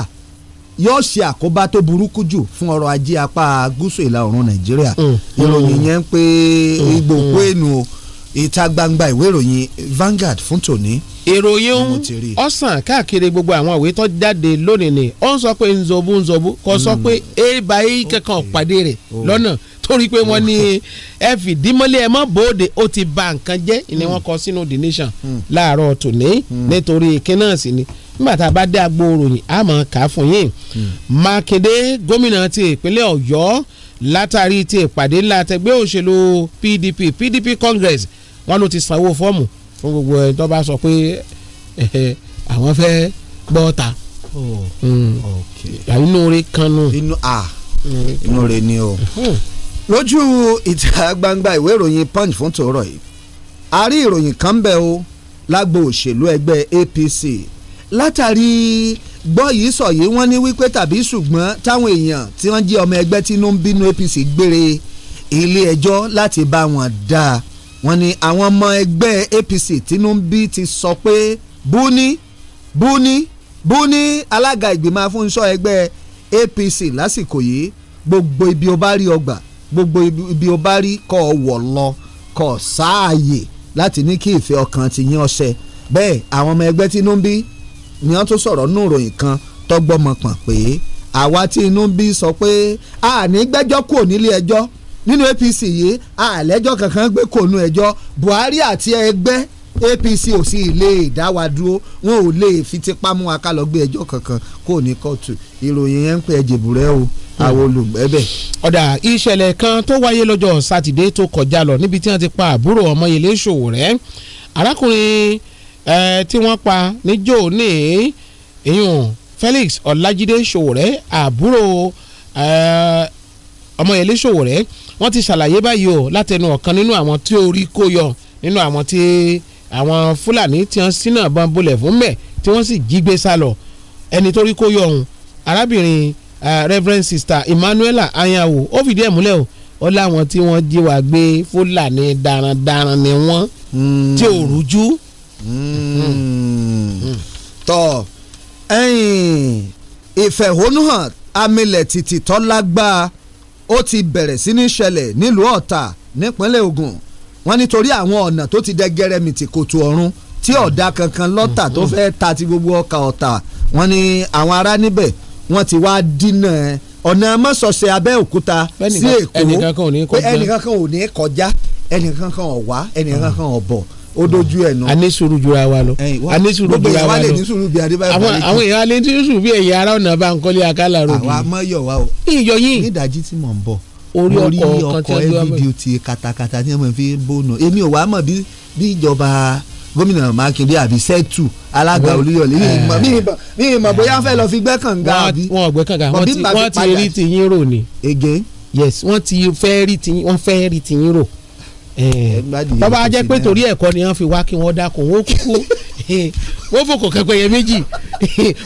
yóò ṣe àkóbá tó burúkú jù fún ọrọ̀ ajé apá gúúsù ìlà oòrùn nàìjíríà mm. ìròyìn yẹn ń pè ìgbòkú ènù ìta gbangba ìwé ìròyìn Vanguard fún tòní. ìròyìn ohun ọ̀sán káàkiri gbogbo àwọn ìwé tó jáde lónìí ni ó ń sọ pé nzọ̀bù nzọ̀bù kò sọ mm. pé èèbà e yìí kankan pàdé rẹ̀ lọ́nà torí pé wọ́n ní ẹ fìdímọ́lé ẹ mọ́ bòde ó ti ba nǹkan jẹ́ ni mm. wọ́n kọ sínú the nation láàárọ̀ tòní nítorí kínnáàsì ni nígbà tá a bá dé agbo ròyìn a máa kà á fún yín hmm. Mákindé gómìnà ti ìpínlẹ̀ Ọ̀yọ́ látàrí ti ìpàdé ńlá tẹgbẹ́ òṣèlú PDP PDP Congress wọn ló ti sanwó fọ́ọ̀mù fún gbogbo ẹni tó bá sọ pé àwọn fẹ́ gbọ́ ta oh, hmm. inú rẹ kanu. inú rẹ ni o hmm. lójú ìta gbangba ìwé ìròyìn punch fún tòórọ yìí a rí ìròyìn kan bẹ́ẹ̀ o lágbo òṣèlú ẹgbẹ́ APC látàrí gbọ́ yìí sọ yìí wọ́n ní wípé tàbí ṣùgbọ́n táwọn èèyàn tí wọ́n jẹ́ ọmọ ẹgbẹ́ tínú ń bínú APC gbére ilé ẹjọ́ láti bá wọn dá wọ́n ní àwọn ọmọ ẹgbẹ́ APC tínú ń bí ti sọ pé búni búni búni alága ìgbìmọ̀ afúnṣọ́ ẹgbẹ́ APC lásìkò yìí gbogbo ibi ó bá rí ọgbà gbogbo ibi ó bá rí kọ́ ọ wọ̀ lọ kọ́ sáàyè láti ní kí ìfẹ́ ọkàn ti yín ọṣẹ bẹ́ẹ̀ àwọn ọmọ ẹgbẹ́ tínú ń bí ni wọ́n tún sọ̀rọ̀ nù ròyìn kan tọ́gbọ́mọpọ̀n pé àwa tí inú bí sọ pé a ní gbẹ́jọ́ kúrò nílé ẹjọ́ nínú APC yìí àlẹ́jọ́ kankan gbé kò nú ẹjọ́ Buhari àti ẹgbẹ́ APC ò sì lè dá wa dúró wọn ò lè fi tipá mú wa ká lọ gbé ẹjọ́ kankan kò ní kóòtù ìròyìn yẹn ń pè ẹjẹ̀bù o àwọn olùgbẹ́bẹ̀. ọ̀dà ìṣẹ̀lẹ̀ kan tó wáyé lọ́jọ́ sátidé tó kọjá lọ níbi tí wọ́n ti pa àbúrò Ọmọyẹlé Sowore arákùnrin tí wọ́n pa níjó ní ìyún Felix Ọlájídé Ṣòwòrẹ́ àbúrò Ọmọyẹlé Ṣòwòrẹ́ wọ́n ti ṣàlàyé báyìí o látẹnu ọ̀kan nínú àwọn tí orí kó yọ nínú àwọn tí àwọn Fúlàní tí wọ́n sínú àbọn bolẹ̀ fún mẹ́ tí wọ́n sì jí gbé sá lọ ẹni tó rí kó yọ ọ̀hún arábìnrin Reverend Sister Emmanuela Anyanwu ó fìdí ẹ̀ múlẹ̀ o ó láwọn tí wọ́n jí wa gbé Fúlàní darandaran ni wọ́n hmm. tí ò rújú. Mm tọ́ ìfẹ̀hónúhàn amilẹ̀ tìtì tó lágbára ó ti bẹ̀rẹ̀ sí ní ṣẹlẹ̀ nílùú ọ̀tà nípínlẹ̀ Ògùn wọ́n nítorí àwọn ọ̀nà tó ti dẹ gẹrẹmìtì kòtò ọ̀run tí ọ̀dà kankan lọ́tà tó mm-hmm. fẹ́ ta ti gbogbo ọkà ọ̀tà wọ́n ní àwọn ará níbẹ̀ wọ́n ti wá dínà ẹ̀ ọ̀nà mọ́sọ̀ọ̀sẹ̀ Abẹ́òkúta sí Èkó ẹnìkankan ò ní kọjá ẹnìkankan ò wá ẹnìkankan ò bọ̀ ó dojú ẹ̀ nù. a ní sùúrù jura wa lọ. a ní sùúrù jura wa lọ. gbogbo èèyàn wà lè ní sùúrù bí adébáyé àwọn èèyàn alẹ́ ní sùúrù bí ẹ̀yà ara ọ̀nà bá ń kọ́lé akálà rògbò. àwa mọ yọ wa o. iyọ yín. ní ìdajì tí mò ń bọ̀. orí ọkọ̀ kan tí wọ́n katakata tí wọ́n fi bónú. èmi ò wá mọ̀ bí ìjọba gómìnà mákindé àbí sẹ́tù alága olúyọ̀lé mi ìmọ̀ eh. bóyá fẹ́ lọ fi gbẹ́ àbí. wọn ni. again. yes wọn ti fẹ́ rí tiyín rò Eh, bàbá jẹ́ pé torí ẹ̀kọ́ ni wọ́n fi wá kí wọ́n dákun wọ́n kúkú wọ́n fòkò kẹ́pẹ́yẹ méjì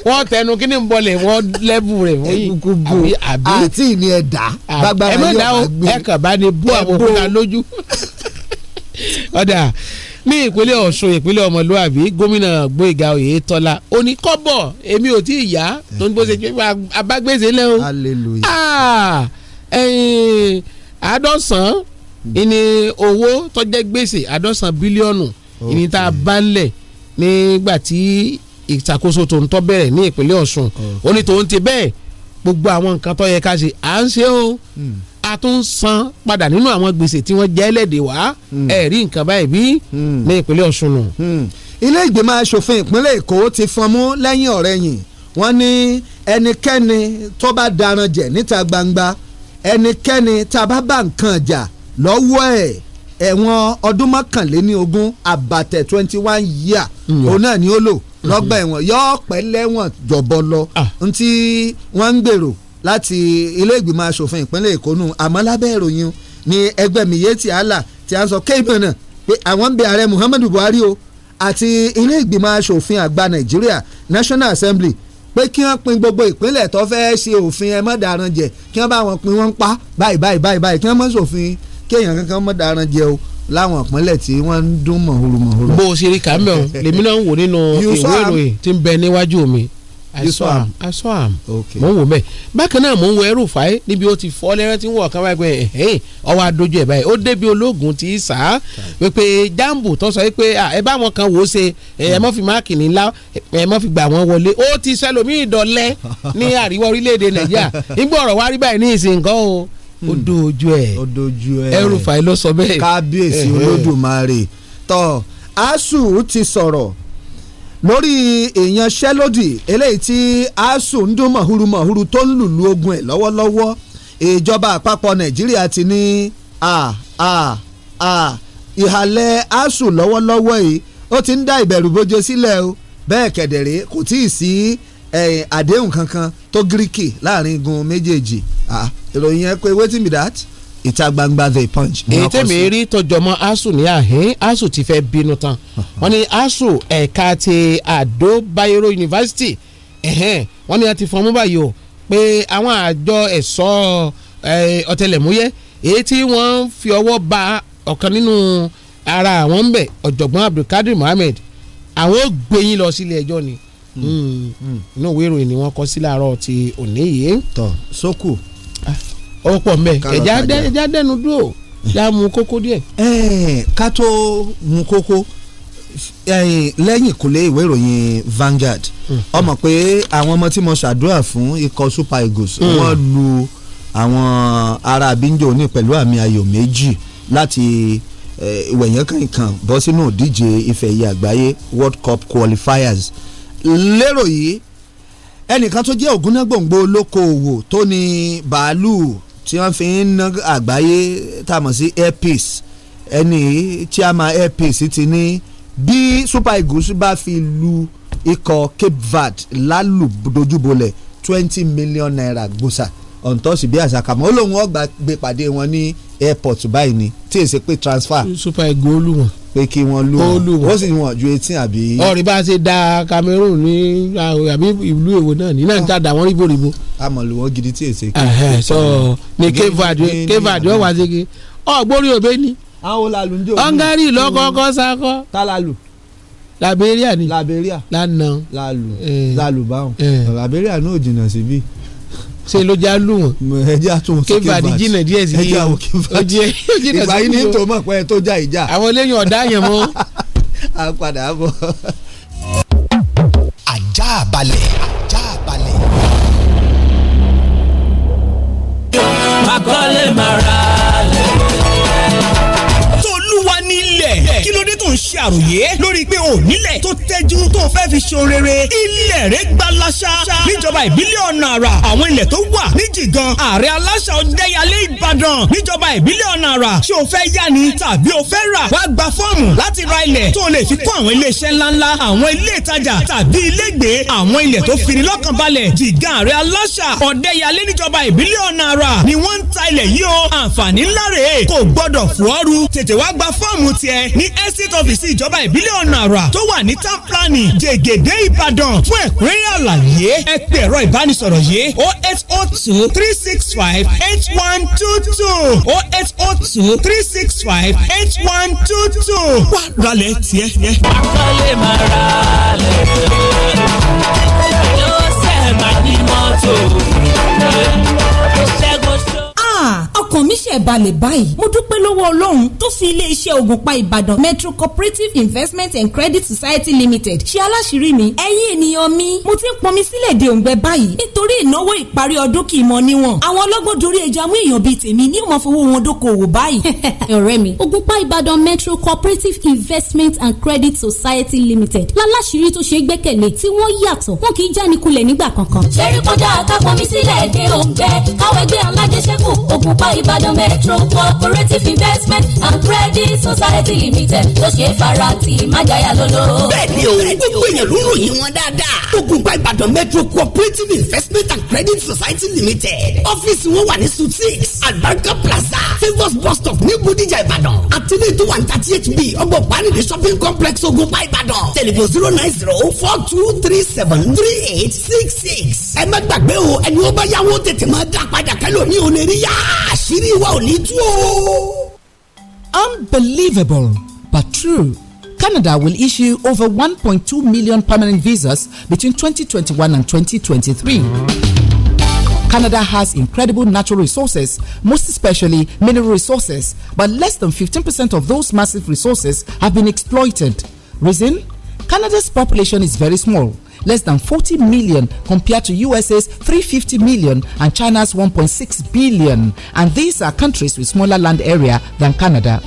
wọ́n tẹnu kí ni ń bọ̀lẹ̀ wọ́n lẹ́bù rẹ̀ wọ́n yìí gbogbo àbí àti ìní ẹ̀dá gbàgbára yóò máa gbé ẹ kàn bá ní bú àwọn òkúta lójú ọ̀dà ní ìpínlẹ̀ ọ̀ṣun ìpínlẹ̀ ọmọlúwàbí gómìnà gbóyèga oyètọ́lá oníkọ́bọ̀ èmi ò tí ì yá tó ń gbóṣe pé abágbèsè lẹ́hìn ah, àádọ́sàn-án Mm. ìní owó tó jẹ́ gbèsè àádọ́sàn bílíọ̀nù ìní tá a bá ń lẹ̀ nígbà tí ìṣàkóso tó ń tọ́ bẹ̀rẹ̀ ní ìpínlẹ̀ Ọ̀ṣun ó ní tòun ti bẹ́ẹ̀ gbogbo àwọn nǹkan tó yẹ ká ṣe à ń ṣe o mm. a tún san padà nínú àwọn gbèsè tí wọ́n jẹ́ ẹlẹ́dẹ̀ wá mm. ẹ̀rí nǹkan báyìí bí ní ìpínlẹ̀ Ọ̀ṣun nù. ilé ìgbìmọ̀ asòfin ìpínlẹ̀ Èkó ti fọn mú lẹ́yìn ọ̀rẹ́yìn wọ́n ní ẹnikẹ́ni tó bá daran jẹ̀ níta gbangba ẹnikẹ́ni tá a bá bá nǹkan jà lọ́wọ́ ẹ̀ ẹ̀wọ̀n ọdún mọ́kànléní ogún àbàtẹ̀ twenty one year mm. òun náà ni ó lò lọ́gbà mm-hmm. ẹ̀wọ̀n yọ́ọ́ pẹ́ lẹ́wọ̀n jọ̀bọ̀ lọ ah. ntí wọ́n ń gbèrò láti ilé ìgbìmọ̀ asòfin ìpínlẹ̀ Èkó nù àmọ́ lábẹ́ ìròyìn ni ẹgbẹ́ Miyetti Allah tí a ń sọ kéèmọ̀ náà pé àwọn ń bẹ ààrẹ Muhammadu Buhari o àti ilé ìgbìmọ̀ asòfin àgbà Nàìjíríà National Assembly pé kí wọ́n pin gbogbo ìpínlẹ̀ tó fẹ́ ṣe òfin ẹmọ́daràn jẹ kí wọ́n bá wọn pin wọ́n pa báyìí báyìí báyìí kí wọ́n mọ̀ sófin kéèyàn kankan mọ́ daran jẹ o láwọn ìpínlẹ̀ tí wọ́n ń dún mọ̀húrú mọ̀húrú. bó o ṣe rí kàmẹ́ o lèmi náà ń wò nínú ìwé ìròyìn tí ń bẹ níwájú mi I saw am I saw am mò ń wò bẹ́ẹ̀ bákan náà mò ń wo ẹrù fàáyé níbi ó ti fọ́ lẹ́rẹ́ tí ń wọ̀ kán báyìí pé ọwọ́ adójú ẹ̀ báyìí ó débi ológun ti sà á pé jambu tó sọ pé ẹ bá wọn kan wò ó ṣe ẹ mọ́ hmm. fi máàkì ní ẹ mọ́ fi gbà wọ́n wọlé ó ti sẹlòmíì dọ̀lẹ́ ní àríwá orílẹ̀-èdè Nàìjíríà nígbà ọ̀rọ̀ wa báyìí ní ìsìn nǹkan o ó hmm. dojú ẹ̀ ó dojú ẹ̀ ẹrù fàì ló sọ bẹ́ẹ̀. kábíyèsí olódùmarè tó asuu ti sọ̀rọ̀ lórí ìyanṣẹ́lódì eléyìí tí asu ń dún mọ̀húrú mọ̀húrú tó ń lùlù ogun ẹ̀ lọ́wọ́lọ́wọ́ ìjọba àpapọ̀ nàìjíríà ti ní a a a ìhàlẹ̀ asuu lọ́wọ́lọ́wọ́ yìí ó ti ń dá ìbẹ̀rù bójú sílẹ̀ o bẹ́ẹ̀ kẹ̀dẹ̀rẹ́ kò tíì sí àdéhùn kankan tó gíríkì láàrin igun méjèèjì ìròyìn yẹn pé wetin be that ìta gbangba the punch. èyí tèmi rí tọjọmọ asu ní àhín asu ti fẹ́ bínú tán wọ́n ní asu ẹ̀ka ti Ado Bayero University wọ́n ní a ti fọ́n mú báyìí o pé àwọn àjọ ẹ̀ṣọ́ ọ̀tẹlẹ̀múyẹ́ èyí tí wọ́n fi ọwọ́ ba ọ̀kan nínú ara àwọn ń bẹ̀ ọ̀jọ̀gbọ́n Abdulkadir Mohammed àwọn ò gbé yín lọ sílé ẹjọ́ ni. Hmm. Hmm. Hmm. inú ìwé ìròyìn ni wọ́n kọ sí láàárọ̀ ti òní yìí. tọ sókù. Ah, ó pọ̀ mbẹ́ ẹ̀já dẹnu dúró já mu kókó díẹ̀. ká tó mu kókó lẹ́yìn kùlé ìwé ìròyìn Vanguard ọmọ pé àwọn ọmọ tí mo ṣàdúrà fún ikọ̀ Super Eagles wọ́n lu àwọn ará abíńjọ òní pẹ̀lú àmì ayò méjì láti ìwẹ̀yẹ̀kànkan bọ́ sínú ìdíje ife ẹ̀yẹ àgbáyé World Cup qualifiers lérò yìí ẹnìkan tó jẹ́ ògúnná gbòǹgbò olókoòwò tó ní bàálù tí wọ́n fi ń ná àgbáyé tá a mọ̀ sí airpeace ẹni chairman airpeace ti ní bí super eagles bá fi lu ikọ̀ Cape Verde lálùdojúbolẹ̀ twenty million naira gbòòsà ọ̀ǹtọ́sì bí àṣàkàmọ́ ó lóun ọgbà gbé pàdé wọn ní airport báyìí ni tí èsì pé transfer. super ego olú wọn. pé kí wọ́n lù wọ́n ó sì wọ́n ju eighteen àbí. ọ̀rẹ́ bá ṣe da Cameroon ní àbí ìlú èwo náà ní náà ń tàdá wọn ríboríbo. a mọ̀ lù wọ́n gidi tí èsì. sọ ni kevadi ọ̀ wá ségi ọ̀gbórí òbẹ́ ni. àwọn olalu ń dé òní. Hungary lọ́kọ́kọ́ sákọ́. talalu. Liberia ni. Liberia. lana. lalu eh. lalu báwọn. Eh. Liberia náà ò jìnnà síbí. Si ṣe ló já lù wọ́n. ẹjẹ́ àtúnwò sí kébà àti jìnnà díẹ̀ sí yìí o ọjẹ́ jìnnà sí yìí ní tó mọ̀ pé tó já ìjà. àwọn eléyìí ọ̀dá yẹn mọ́. a padà bọ̀. ajá balẹ̀ ajá balẹ̀. makọ́lé mara. ń ṣe àròyé lórí pé o nílẹ̀ tó tẹ́jú tó fẹ́ fi ṣe rere ilé ẹ̀rẹ́ gba láṣá níjọba ìbílẹ̀ ọ̀nà àrà àwọn ilẹ̀ tó wà ní jìgan ààrẹ aláṣà ọ̀dẹ́yàlé ìbàdàn níjọba ìbílẹ̀ ọ̀nà àrà ṣé o fẹ́ yá ni tàbí o fẹ́ rà wá gba fọ́ọ̀mù láti ra ilẹ̀ tó lè fi kọ́ àwọn iléeṣẹ́ ńláńlá àwọn ilé ìtajà tàbí ilégbèé àwọn ilẹ̀ tó fini lọ́kàn balẹ̀ jìgan ààrẹ aláṣà ọ̀dẹ́yàlé níjọba ìbílẹ̀ ọ̀nà àrà ni wọ́n ń ta ilẹ̀ yìí o àǹfààní ńlá rèé kò gbọ́dọ̀ fọ́ọ̀rù tètè wá gba fọ́ọ̀mù tiẹ̀ ní ẹ́sítọ́ ọ́fíìsì ìjọba ìbílẹ̀ ọ̀nà àrà tó wà ní town planning jẹ̀gẹ̀dẹ̀ ìbàdàn fún ẹ̀kúnrẹ́rẹ́ àlàyé ẹ ẹ̀rọ ìbánisọ̀rọ̀ yìí o oh eight o oh two three six five eight one two two o oh eight o two three six five eight one two two wà lálẹ́ tiẹ̀ àkọlé máa ra lẹ̀ ló máa ní mọ́tò ọkàn mi ṣe balẹ̀ báyìí mo dúpẹ́ lọ́wọ́ ọlọ́run tó fi iléeṣẹ́ ògùnpa ìbàdàn metro cooperative investment and credit society limited ṣe aláṣírí mi ẹ̀yin ènìyàn mi mo ti ń pọnmi sílẹ̀ de òǹgbẹ báyìí nítorí ìnáwó ìparí ọdún kì í mọ níwọ̀n àwọn ọlọ́gbọ́n dorí ẹja mú èèyàn bíi tèmi ní ìmọ̀ fowó wọn dókòwò báyìí. ọ̀rẹ́ mi ògùnpa ìbàdàn metro cooperative investment and credit society limited láláṣírí tó ṣe é gbẹ́kẹ̀lé tí wọ́n yàtọ̀ wọn kì í jánikulẹ̀ nígbà kankan. ṣé rí kọjá àkàpọ̀ mi sílẹ̀ dé òǹgbẹ káwọ́ ẹgbẹ́ alájẹsẹ́kù ògùnpa ì ìbàdàn metro cooperative investment and credit society limited tó ṣe é fara ti májàyà lọ́lọ́. bẹ́ẹ̀ni o gbogbo èèyàn ló ròyìn wọn dáadáa ogunba ìbàdàn metro cooperative investment and credit society limited ọ́fíìsì wọn wà ní suite six albarka plaza favours bus stop ní bodijà ìbàdàn àtẹlẹ tó two, one thirty eight b ọgbọ panidi shopping complex ogunba ìbàdàn tẹlifon zero nine zero four two three seven three eight six six ẹ má gbàgbé o ẹni ó bá yáwó tètè máa dá padà kẹ́lò ní òní rí yáàṣ. wa ò ní tú o. Unbelievable but true. Canada will issue over 1.2 million permanent visas between 2021 and 2023. Canada has incredible natural resources, most especially mineral resources, but less than 15% of those massive resources have been exploited. Reason? Canada's population is very small less than 40 million compared to USA's 350 million and China's 1.6 billion. And these are countries with smaller land area than Canada.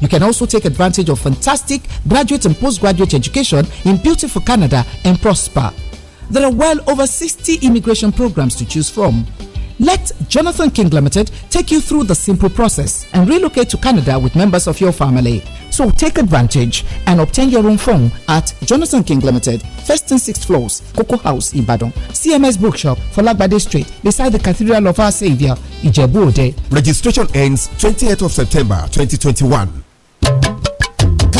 You can also take advantage of fantastic graduate and postgraduate education in beautiful Canada and prosper. There are well over 60 immigration programs to choose from let Jonathan King Limited take you through the simple process and relocate to Canada with members of your family. So take advantage and obtain your own phone at Jonathan King Limited, first and sixth floors, Coco House, in Badon, CMS Bookshop, Falagbade Street, beside the Cathedral of Our Savior, Ijebu Ode. Registration ends 28th of September 2021.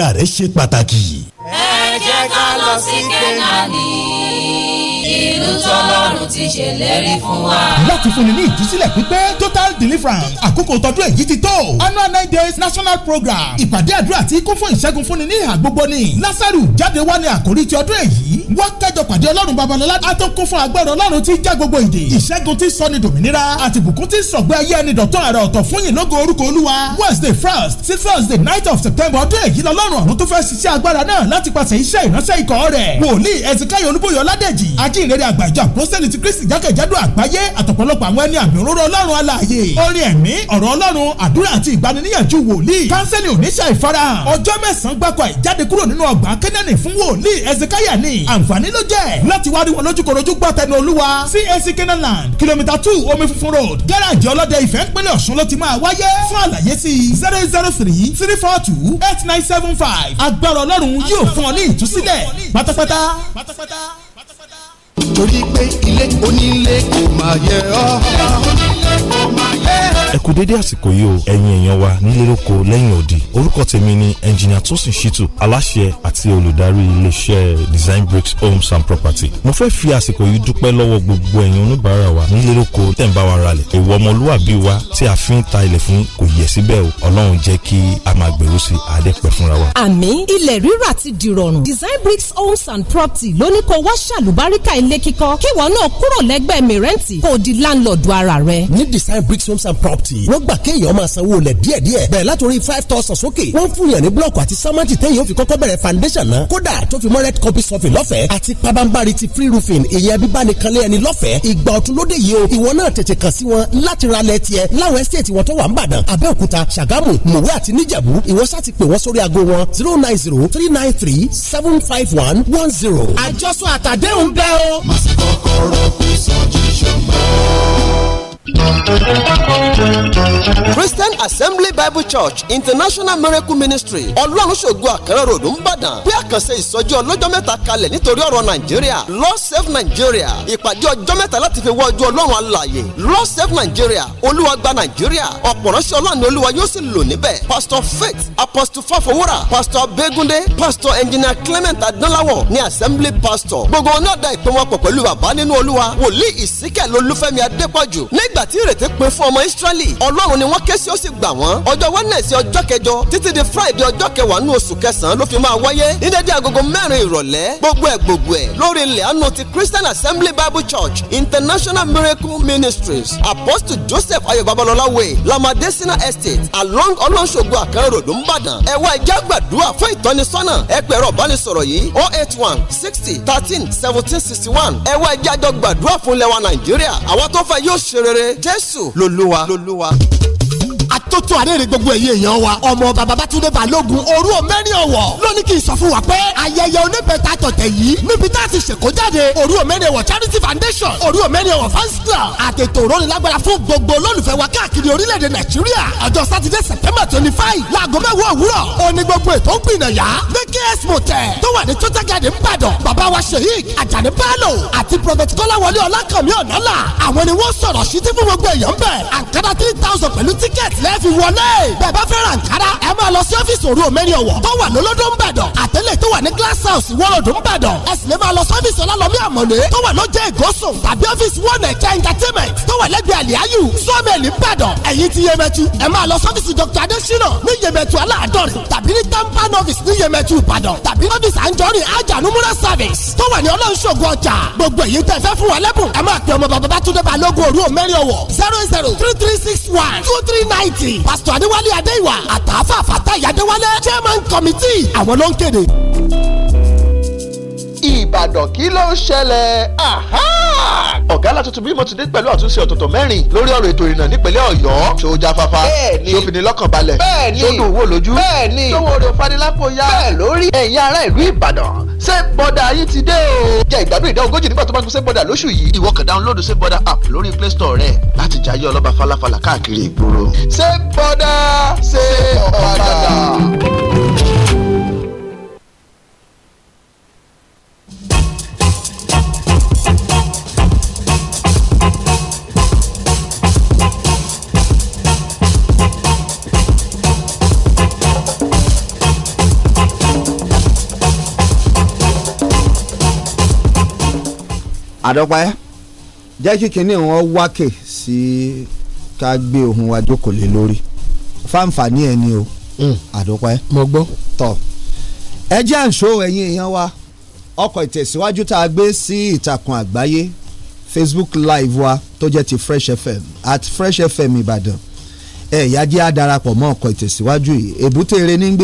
ìlera rẹ ṣe pàtàkì. ẹ jẹ́ ká lọ sí kẹ́nàní ìlú tọ́lọ́run ti ṣèlérí fún wa. láti fúnni ní ìtúsílẹ̀ pípé total deliverance àkókò tọdún èyí ti tó annual nine days national program ìpàdé àdúrà tí kún fún ìṣẹ́gun fúnni ní ìhà gbogbo ni lásàrù jáde wá ní àkórí ti ọdún èyí wá kẹjọ pàdé ọlọ́run babalọ́lá àtọ́ kún fún agbára ọlọ́run tí já gbogbo ìdè ìṣẹ́gun tí sọ ni dòmìnira àti bùkún tí sọ̀gbẹ́ ayé ẹni dọ̀tọ́ àrà ọ̀tọ̀ fún yìí lógo orúkọ olúwa wednesday first sí thursday night of september ọdún èyí lọ́lọ́run ọ̀run tó fẹ́ ṣiṣẹ́ agbára náà láti pàṣẹ iṣẹ́ ìránṣẹ́ ikọ̀ rẹ̀ wòlíì ẹ̀sìnkáyọ̀ olúbóyọ̀ ládẹ́jì aj ìrere àgbàjọ àpọ́sẹ̀lì ti kristi jákèjádò àgbáyé àtọ̀pọ̀lọpọ̀ àwọn ẹni àmì òróró ọlọ́run alààyè orin ẹ̀mí ọ̀rọ̀ ọlọ́run àdúrà àti ìgbaniníyànjú wòlíì kánsẹ́lì oníṣẹ́ ìfarahàn ọjọ́ mẹ́sàn-án gbáko àìjáde kúrò nínú ọgbà kẹ́nẹ́nì fún wòlíì ẹ̀sìnkáyà ni àǹfààní ló jẹ́ láti wá rí wọn lójúkorojú gbọ́ tẹnu olúwa CAC kenaland kìlómítà two omi funfun road gáràjì ọlọ́dẹ ìfẹ́ ńpínlẹ̀ ọ̀ṣun ló ti máa wáyé fún àlàyé sí zero zero three three four two agbára ọlọ́run yóò fún ọ ní ìtúsílẹ̀ pátápátá torí pé ilé onílé kò máa yẹ ọ́. ẹ dédé àsìkò yìí o ẹ̀yin èèyàn wa nílé lóko lẹ́yìn odi orúkọ tèmi ni ẹnjìnìà Tosin Shitu aláṣẹ àti olùdarí iléeṣẹ́ Design Bricks Homes and Property mo fẹ́ fi àsìkò yìí dúpẹ́ lọ́wọ́ gbogbo ẹ̀yin oníbàárà wa nílé lóko tẹ̀ ń bá wa ralẹ̀ èwo ọmọlúwàbí wa tí a fi ń ta ilẹ̀ fún kò yẹ síbẹ̀ o ọlọ́run jẹ́ kí a máa gbèrú sí àdẹ́pẹ́ fúnra wa. àmín ilẹ̀ Design Bricks Homes and Property lóníkó wá ṣàlùbáríkà ilé kíkọ́ kí ìwọ náà kúrò lẹ́gbẹ́ mìrẹ́ǹtì kó di landlord ara rẹ. ní design bricks homes and property wọ́n gbà kéèyàn máa sanwó lẹ̀ díẹ̀díẹ̀ bẹ̀rẹ̀ látòrí five thousand sókè wọ́n fún yàn ní blọ́ọ̀kù àti sámẹ́ǹtì téèyàn fi kọ́kọ́ bẹ̀rẹ̀ foundation náà kódà tó fi mọ́ copy surfing lọ́fẹ̀ẹ́ àti pabambari ti free roofing ìyẹn bíbánikanlé ẹni lọ́fẹ̀ẹ́ ìgbà ọ̀tún lóde yìí o ìwọ náà tètè kàn sí wọn láti ra lẹ̀ tiẹ̀ láwọn estate wọn tó wà ń bàdàn abẹ́òkúta ṣàgámù mòwe zero nine zero three nine three seven five one one zero. àjọsọ àtàdéhùn bẹ́ẹ̀ o. Má sì kọ́kọ́rọ́ kó sọ jíṣọ́ mọ́. Christian Assembly Bible Church International Miracle Ministry Ọlọ́run ṣògo àkàrà ròdù ń bàdàn pé àkànṣe ìsọjí ọlọ́jọ́ mẹ́ta kalẹ̀ nítorí ọ̀rọ̀ Nàìjíríà Lord save Nigeria ìpàdé ọjọ́ mẹ́ta láti fi wọ ọjọ́ Ọlọ́run alààyè Lord save Nigeria Olúwa gba Nàìjíríà ọ̀pọ̀ ránṣẹ́ Ọlọ́run Olúwa yóò sì lò níbẹ̀ Pastor Faith Apostle Fafowura Pastor Begunde Pastor Engineer Clement Adúláwọ̀ ní Assembly Pastor gbogbo wọn náà da ìpè wọn pọ̀ pẹ̀lú bàbá nínú Olúwa wòlíì ìsíkẹ̀ lolúfẹ́mi Adépọ̀jù ní nígbà tí ìrètí pin fún ọmọ Israẹli Ọlọ́run ni wọ́n ké sí ó sì gbà wọ́n ọjọ́ Wednesday ọjọ́ kẹjọ títí di Friday ọjọ́ kẹwàá nínú oṣù kẹsàn-án ló fi máa wáyé ní dédé agogo mẹ́rin ìrọ̀lẹ́ gbogbo ẹ̀ gbogbo ẹ̀ lórí ilẹ̀ àánú ti Christian Assembly Bible Church International Miracle Ministries Apostle Joseph Ayọ̀ Babalọlá Way Lamadesina Estate along ọlọ́nṣogbo àkànrò ló ń bàdàn ẹ wá ẹjẹ́ gbàdúrà fún ìtọ́nisọ́nà ẹ pẹ̀rọ ìbánisọ̀rọ̀ yìí oh eight one sixty thirteen seventeen sixty one ẹ wá ẹjẹ́ àjọ gbàdúrà fún lẹ́wà Nàìjíríà àwọn tó fẹ́ pé jésù lolúwa. lolúwa tó tó àdéhùn gbogbo ẹ̀yẹ èèyàn wa ọmọ bàbá bátúndé balógun òru òmẹ́rin ọ̀wọ̀ lónìí kì í sọ fún wa pé ayẹyẹ oníbẹ̀ta tọ̀tẹ̀ yìí níbi tá a ti ṣèkójáde òru òmẹ́rin ọ̀wọ̀ charity foundation òru òmẹ́rin ọ̀wọ̀ fanstar àtètò òrónilágbára fún gbogbo olólùfẹ́ wa káàkiri orílẹ̀-èdè nàìjíríà ọjọ́ sátidé september twenty five láago mẹ́wàá òwúrọ̀ òní gbogbo ètò ń gbìnàyà ní ks motel tó wà ní total garden nìbàdàn bàbá wa sheik ajani bello àti prophet kọ́láwọlé ọlákànmí ọ̀nàlà àwọn ni wọ́n sọ̀rọ̀ sí tí fún gbogbo èèyàn bẹ̀ àǹkárá three thousand pẹ̀lú tíkẹ́ẹ̀tì lẹ́ fi wọlé. bẹ̀bá fẹ́ràn kára ẹ máa lọ sí ọ́fíìsì òru òmẹ́rin ọ̀wọ̀ tó wà lọ́lọ́dún ń bàdàn àtẹ̀lé tó wà ní glass house wọ́lọ́dún ń bàdàn ẹ sì lè máa lọ sí ọ́fíìsì ọlálọ́mí àmọ̀lé tó wà lọ́jẹ́ ìgọ́sùn tàbí ọ́fíìsì one ẹ̀kẹ́ entertainment tó wà lẹ́gbẹ̀ẹ́ àlìyáyù sọ́ọ̀mẹ̀lì ń bàdàn ẹ̀yìn ti yẹmẹtu ẹ máa lọ sọ́fíìsì dr adesina ní yẹmẹtu aláàdọ́rin tàbí ní tampan office ní yẹmẹtu ìbàdàn tàbí ọ́fíìsì àǹjọ́rin ajanumura service tó wà ní ọlọ́nṣogun ọjà gbogbo èyí tẹ́ fẹ́ fún wa lẹ́bùn ẹ máa pè ọmọ bàbá bá tún dé balógun òru òmẹ́rin ọ̀wọ̀ zero zero three three six one two three ninety ministry pastor adéwálé adéwà àtàfà fàtà ìyá adéwálé chairman committee àwọn ló ń kéde ìbàdàn kí ló ń ṣẹlẹ̀ ọ̀gá alátuntun bímọ ti dé pẹ̀lú àtúnṣe ọ̀tọ̀tọ̀ mẹ́rin lórí ọ̀rọ̀ ètò ìrìnnà nípínlẹ̀ ọ̀yọ́ ṣó jáfáfá ṣó fini lọ́kàn balẹ̀ ṣó dùn wò lójú ṣó wo orin òfanilápò ya bẹ́ẹ̀ lórí ẹ̀yin ará ìlú ìbàdàn ṣé bọ́dà yín ti dé o. jẹ́ ìgbádùn ìdá ogójì nígbà tó bá ń gbé ṣé bọ́dà lóṣù yìí ìwọ kan dáńlódù ṣé bọ́dà app lórí play store rẹ láti jayé ọlọ́ba falafala káàkiri ìgboro. ṣé bọ́dà ṣé ọ̀kadà. àdọ́pẹ́ jẹ́ kí kinní wọn wákè sí ká gbé ohun wa jókòó lé lórí fáǹfààní ẹ̀ ni o àdọ́pẹ́. Hmm. mo gbọ́. tọ́ ẹ jẹ́ àǹṣó ẹ̀yin èèyàn wa ọkọ̀ ìtẹ̀síwájú tá a gbé sí ìtàkùn àgbáyé Facebook live wa tó jẹ́ ti Fresh FM at Fresh FM Ìbàdàn ẹ̀yà jẹ́ àdarapọ̀ mọ́ ọkọ̀ ìtẹ̀síwájú yìí èbúté eré nígbè.